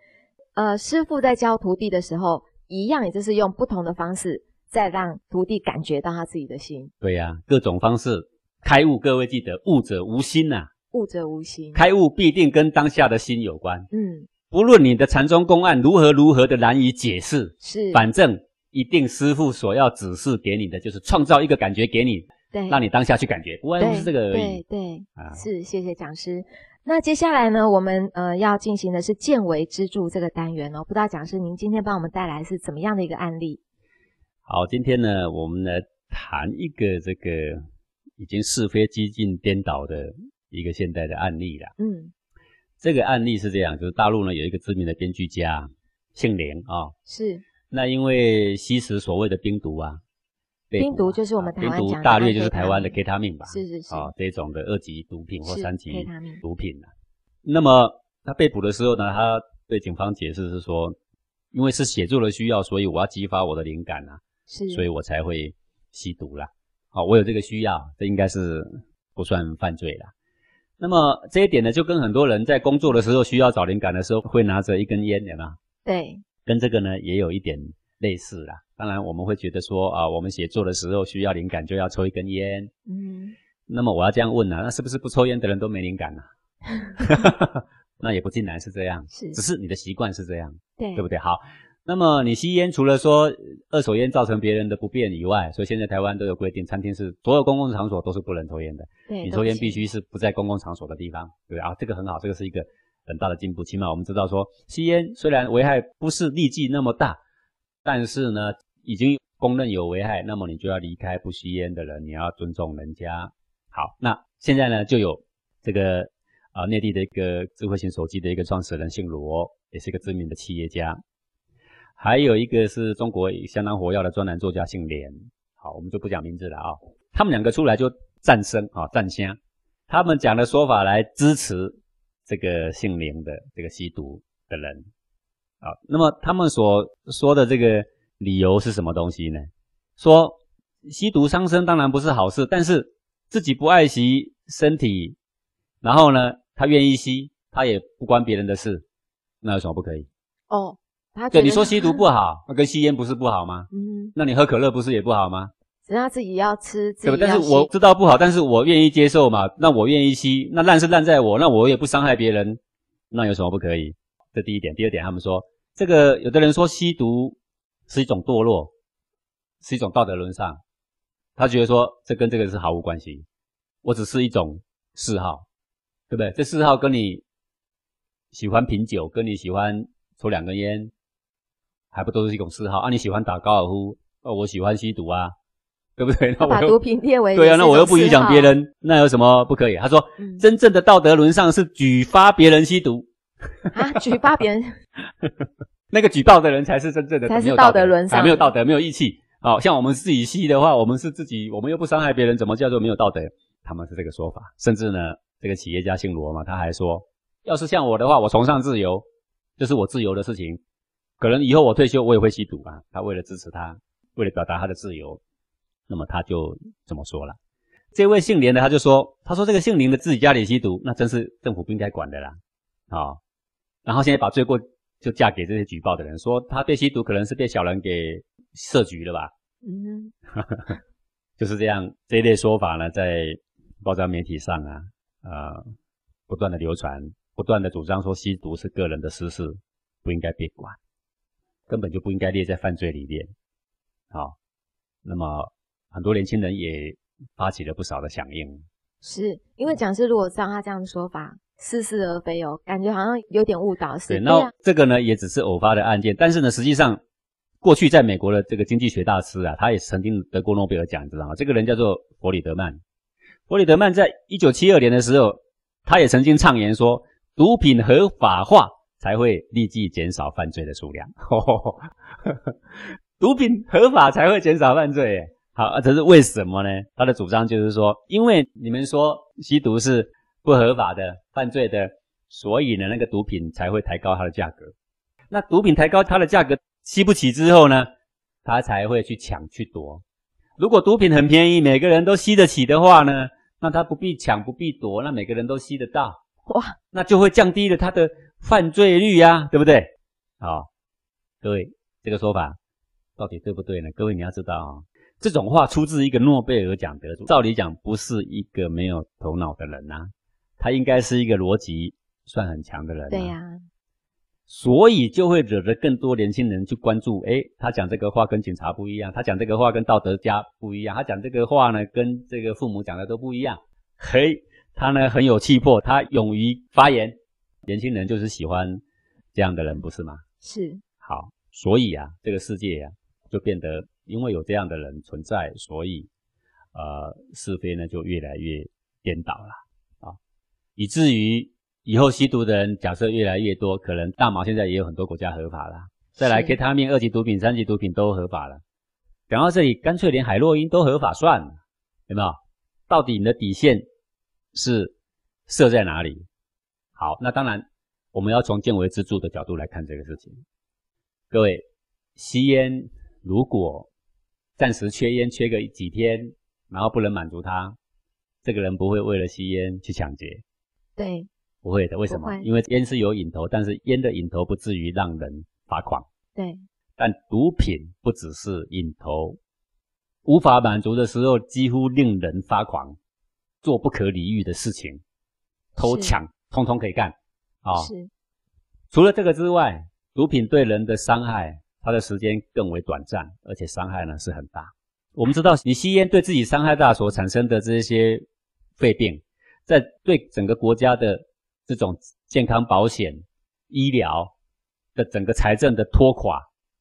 呃，師傅在教徒弟的時候，一樣也就是用不同的方式，再讓徒弟感覺到他自己的心。對呀、啊，各種方式開悟。各位記得，悟者無心吶、啊。悟者無心。開悟必定跟當下的心有關。嗯。不論你的禪宗公案如何如何的難以解釋，是，反正一定師傅所要指示給你的，就是創造一個感覺給你，對，讓你當下去感覺，不外乎、哎、是這個而已。對對。是，謝謝講師。那接下來呢，我們呃要進行的是見微知著這個單元哦、喔，不知道講師您今天幫我們帶來是怎麼樣的一個案例？好，今天呢，我們來談一個這個已經是非激進顛倒的一個現代的案例了。嗯，這個案例是這樣，就是大陸呢有一個知名的編劇家，姓林啊、哦，是。那因為吸食所謂的冰毒啊。啊、冰毒就是我們台灣講的、啊、冰毒大略就是台灣的 Ketamine 吧，是是是，好、哦、這種的二級毒品或三級毒品、啊、那麼他被捕的時候呢，他對警方解釋是說，因為是寫作的需要，所以我要激發我的靈感啊，是，所以我才會吸毒啦。好、哦，我有這個需要，這應該是不算犯罪啦。那麼這一點呢，就跟很多人在工作的時候需要找靈感的時候，會拿着一根菸，對嗎？對，跟這個呢也有一點類似啦。當然，我們會覺得說啊、呃，我們寫作的時候需要靈感，就要抽一根煙。嗯，那麼我要這樣問了、啊，那是不是不抽煙的人都沒靈感呢、啊？ <laughs> <laughs> 那也不盡然是這樣，是，只是你的習慣是這樣，對，對不對？好，那麼你吸煙除了說二手煙造成別人的不便以外，所以現在台灣都有規定，餐廳是所有公共場所都是不能抽煙的。對，你抽煙必須是不在公共場所的地方，對不對？啊，這個很好，這個是一個很大的進步，起碼我們知道說吸煙雖然危害不是立即那麼大，但是呢。已經公認有危害，那麼你就要離開不吸煙的人，你要尊重人家。好，那現在呢就有這個啊、呃，內地的一個智慧型手機的一個創始人姓羅，也是一個知名的企業家。還有一個是中國相當活躍的專欄作家姓連。好，我們就不講名字了啊、哦。他們兩個出來就戰聲啊、哦、戰香，他們講的說法來支持這個姓連的這個吸毒的人啊。好，那麼他們所說的這個。理由是什麼東西呢？說吸毒傷身，當然不是好事。但是自己不愛惜身體，然後呢，他願意吸，他也不關別人的事，那有什麼不可以？哦，他他對，你說吸毒不好，那跟吸菸不是不好嗎？嗯，那你喝可樂不是也不好嗎？人家自己要吃，自己要吸。對，但是我知道不好，但是我願意接受嘛。那我願意吸，那爛是爛在我，那我也不傷害別人，那有什麼不可以？這第一點。第二點，他們說這個有的人說吸毒。是一種墮落，是一種道德淪喪。他覺得說，這跟這個是毫無關係。我只是一種嗜好，對不對？這嗜好跟你喜歡品酒，跟你喜歡抽兩根煙，還不都是一種嗜好？啊，你喜歡打高爾夫，啊，我喜歡吸毒啊，對不對？那我把毒品列為，對啊，那我又不影響別人，那有什麼不可以？他說，嗯、真正的道德淪喪是舉發別人吸毒啊，舉發別人。 <laughs> 那個舉報的人才是真正的，才是道德淪喪，才沒，沒有道德，沒有義氣。好、哦、像我們自己吸的話，我們是自己，我們又不傷害別人，怎麼叫做沒有道德他們是這個說法。甚至呢，這個企業家姓羅嘛，他還說，要是像我的話，我崇尚自由，這是我自由的事情，可能以後我退休，我也會吸毒啊。他為了支持他，為了表達他的自由，那麼他就這麼說了。這位姓連的，他就說，他說這個姓林的自己家裡吸毒，那真是政府不應該管的啦。好、哦，然後現在把罪過。就嫁給這些舉報的人，說他被吸毒，可能是被小人給設局了吧，嗯哼？嗯，哈哈哈。就是這樣，這一類說法呢，在報章媒體上啊，呃，不斷的流傳，不斷的主張說，吸毒是個人的私事，不應該被管，根本就不應該列在犯罪裡面。好，那麼很多年輕人也發起了不少的響應，是因為講是如果像他這樣的說法。似是而非哦，感覺好像有點誤導似的。對，那、啊、這個呢，也只是偶發的案件。但是呢，實際上，過去在美國的這個經濟學大師啊，他也曾經得過諾貝爾獎，你知道嗎？這個人叫做弗里德曼。弗里德曼在1972年的時候，他也曾經暢言說：毒品合法化才會立即減少犯罪的數量。呵呵呵呵呵，毒品合法才會減少犯罪。好，這、啊、是為什麼呢？他的主張就是說，因為你們說吸毒是。不合法的犯罪的，所以呢，那個毒品才會抬高它的價格。那毒品抬高它的價格，吸不起之後呢，他才會去搶去奪。如果毒品很便宜，每個人都吸得起的話呢，那他不必搶，不必奪，那每個人都吸得到，哇，那就會降低了他的犯罪率呀、啊，對不對？好、哦，各位，這個說法到底對不對呢？各位你要知道、哦，這種話出自一個諾貝爾獎得主，照理講不是一個沒有頭腦的人吶、啊。他應該是一個邏輯算很強的人啊，對呀，啊，所以就會惹得更多年輕人去關注。誒，他講這個話跟警察不一樣，他講這個話跟道德家不一樣，他講這個話呢跟這個父母講的都不一樣。嘿，他呢很有氣魄，他勇於發言。年輕人就是喜歡這樣的人，不是嗎？是。好，所以啊，這個世界呀，啊，就變得因為有這樣的人存在，所以呃是非呢就越來越顛倒了。以至於以後吸毒的人，假設越來越多，可能大麻現在也有很多國家合法了。再來，K 他命二級毒品、三級毒品都合法了。講到這裡，乾脆連海洛因都合法算了，有沒有？到底你的底線是設在哪裡？好，那當然我們要從見微知著的角度來看這個事情。各位，吸菸如果暫時缺菸，缺個幾天，然後不能滿足他，這個人不會為了吸菸去搶劫。對，不會的。為什麼？因為煙是有癮頭，但是煙的癮頭不至於讓人發狂。對，但毒品不只是癮頭，無法滿足的時候，幾乎令人發狂，做不可理喻的事情，偷搶，通通可以幹。啊、哦，是。除了這個之外，毒品對人的傷害，它的時間更為短暫，而且傷害呢是很大。我們知道，你吸煙對自己傷害大，所產生的這些肺病。在對整個國家的這種健康保險、醫療的整個財政的拖垮，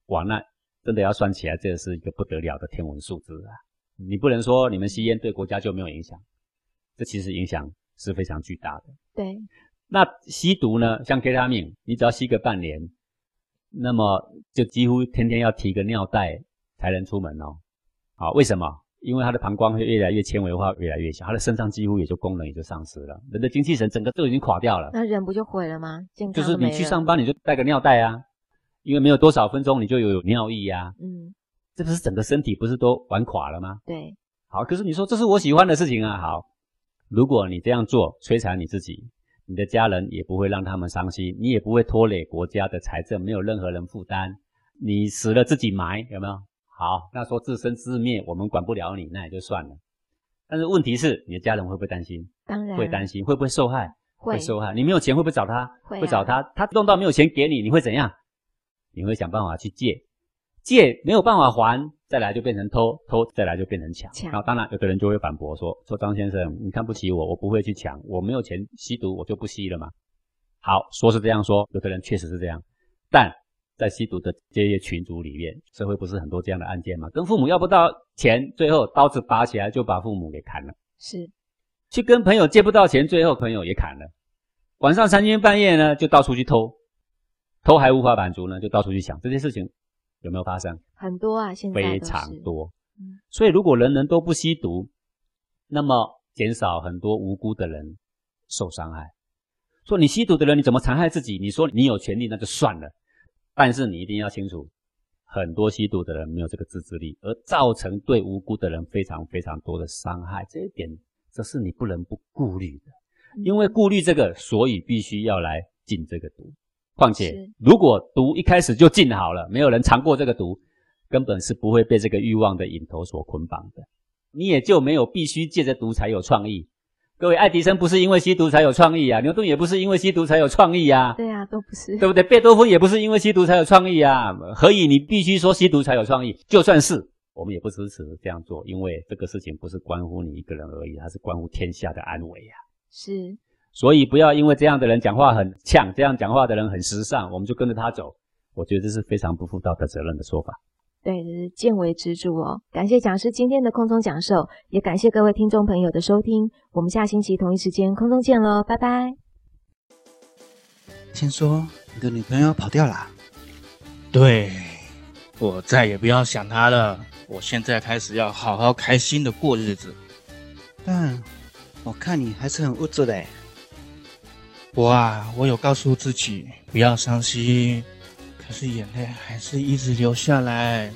哇，那真的要算起來，這個是一個不得了的天文數字啊！你不能說你們吸煙對國家就沒有影響，這其實影響是非常巨大的。對，那吸毒呢？像 Ketamine，你只要吸個半年，那麼就幾乎天天要提個尿袋才能出門哦。好，為什麼？因為他的膀胱會越來越纖維化，越來越小，他的腎臟幾乎也就功能也就喪失了。人的精氣神整個都已經垮掉了，那人不就毀了嗎？健康。就是你去上班，你就帶個尿袋啊，因為沒有多少分鐘你就有，有尿意啊。嗯，這不是整個身體不是都玩垮了嗎？對。好，可是你說這是我喜歡的事情啊。好，如果你這樣做摧殘你自己，你的家人也不會讓他們傷心，你也不會拖累國家的財政，沒有任何人負擔，你死了自己埋，有沒有？好，那說自生自滅，我們管不了你，那也就算了。但是問題是，你的家人會不會擔心？當然，會擔心，會不會受害？會，會受害。你沒有錢會不會找他？會、啊，會找他。他弄到沒有錢給你，你會怎樣？你會想辦法去借，借沒有辦法還，再來就變成偷，偷再來就變成搶。好，然後當然，有的人就會反駁說：說張先生，你看不起我，我不會去搶，我沒有錢吸毒，我就不吸了嘛。好，說是這樣說，有的人確實是這樣，但。在吸毒的這些群組裡面，社會不是很多這樣的案件嗎？跟父母要不到錢，最後刀子拔起來就把父母給砍了。是，去跟朋友借不到錢，最後朋友也砍了。晚上三更半夜呢，就到處去偷，偷還無法滿足呢，就到處去想，這些事情有沒有發生？很多啊，現在非常多。嗯，所以如果人人都不吸毒，那麼減少很多無辜的人受傷害。說你吸毒的人，你怎麼殘害自己？你說你有權利，那就算了。但是你一定要清楚，很多吸毒的人沒有這個自制力，而造成對無辜的人非常非常多的傷害。這一點，這是你不能不顧慮的。因為顧慮這個，所以必須要來禁這個毒。況且，如果毒一開始就禁好了，沒有人嘗過這個毒，根本是不會被這個慾望的癮頭所捆綁的。你也就沒有必須借着毒才有創意。各位，愛迪生不是因為吸毒才有創意啊，牛頓也不是因為吸毒才有創意啊。對啊，都不是，對不對？貝多芬也不是因為吸毒才有創意啊，何以你必須說吸毒才有創意？就算是，我們也不支持這樣做，因為這個事情不是關乎你一個人而已，它是關乎天下的安危啊。是，所以不要因為這樣的人講話很嗆，這樣講話的人很時尚，我們就跟着他走。我覺得這是非常不負道德責任的說法。對，這是見微知著哦。感謝講師今天的空中講授，也感謝各位聽眾朋友的收聽。我們下星期同一時間空中見嘍，拜拜。聽說你的女朋友跑掉啦？對，我再也不要想她了。我現在開始要好好開心的過日子。但我看你還是很固執的。我啊，我有告訴自己不要傷心。可是眼淚還是一直流下來。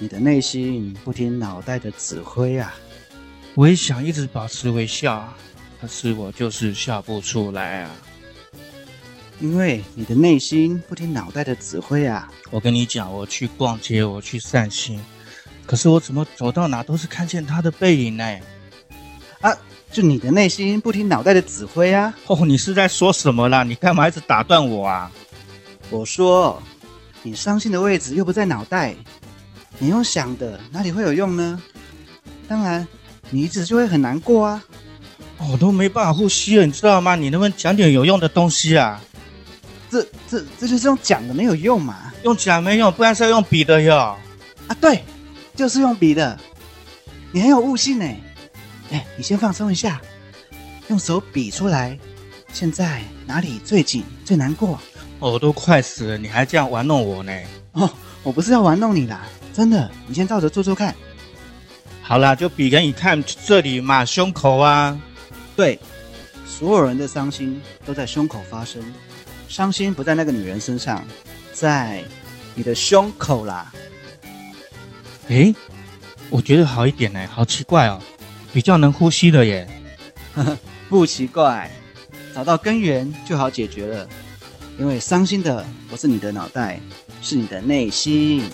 你的內心不聽腦袋的指揮啊！我也想一直保持微笑，可是我就是笑不出來啊。因為你的內心不聽腦袋的指揮啊！我跟你講，我去逛街，我去散心，可是我怎麼走到哪都是看見他的背影呢？啊，就你的內心不聽腦袋的指揮啊！哦，你是在說什麼啦？你幹嘛一直打斷我啊？我說，你傷心的位置又不在腦袋，你用想的哪裡會有用呢？當然，你一直就會很難過啊！哦、我都沒辦法呼吸了，你知道嗎？你能不能講點有用的東西啊？這、這、這就是用講的沒有用嘛？用講沒用，不然是要用比的喲！啊，對，就是用比的。你很有悟性哎！哎，你先放鬆一下，用手比出來，現在哪裡最緊、最難過？哦、我都快死了，你還這樣玩弄我呢？哦，我不是要玩弄你啦。真的。你先照着做做看。好啦，就比給你看這裡嘛，胸口啊。對，所有人的傷心都在胸口發生，傷心不在那個女人身上，在你的胸口啦。哎，我覺得好一點呢、欸。好奇怪哦，比較能呼吸的耶。 <laughs> 不奇怪，找到根源就好解決了。因為傷心的不是你的腦袋，是你的內心。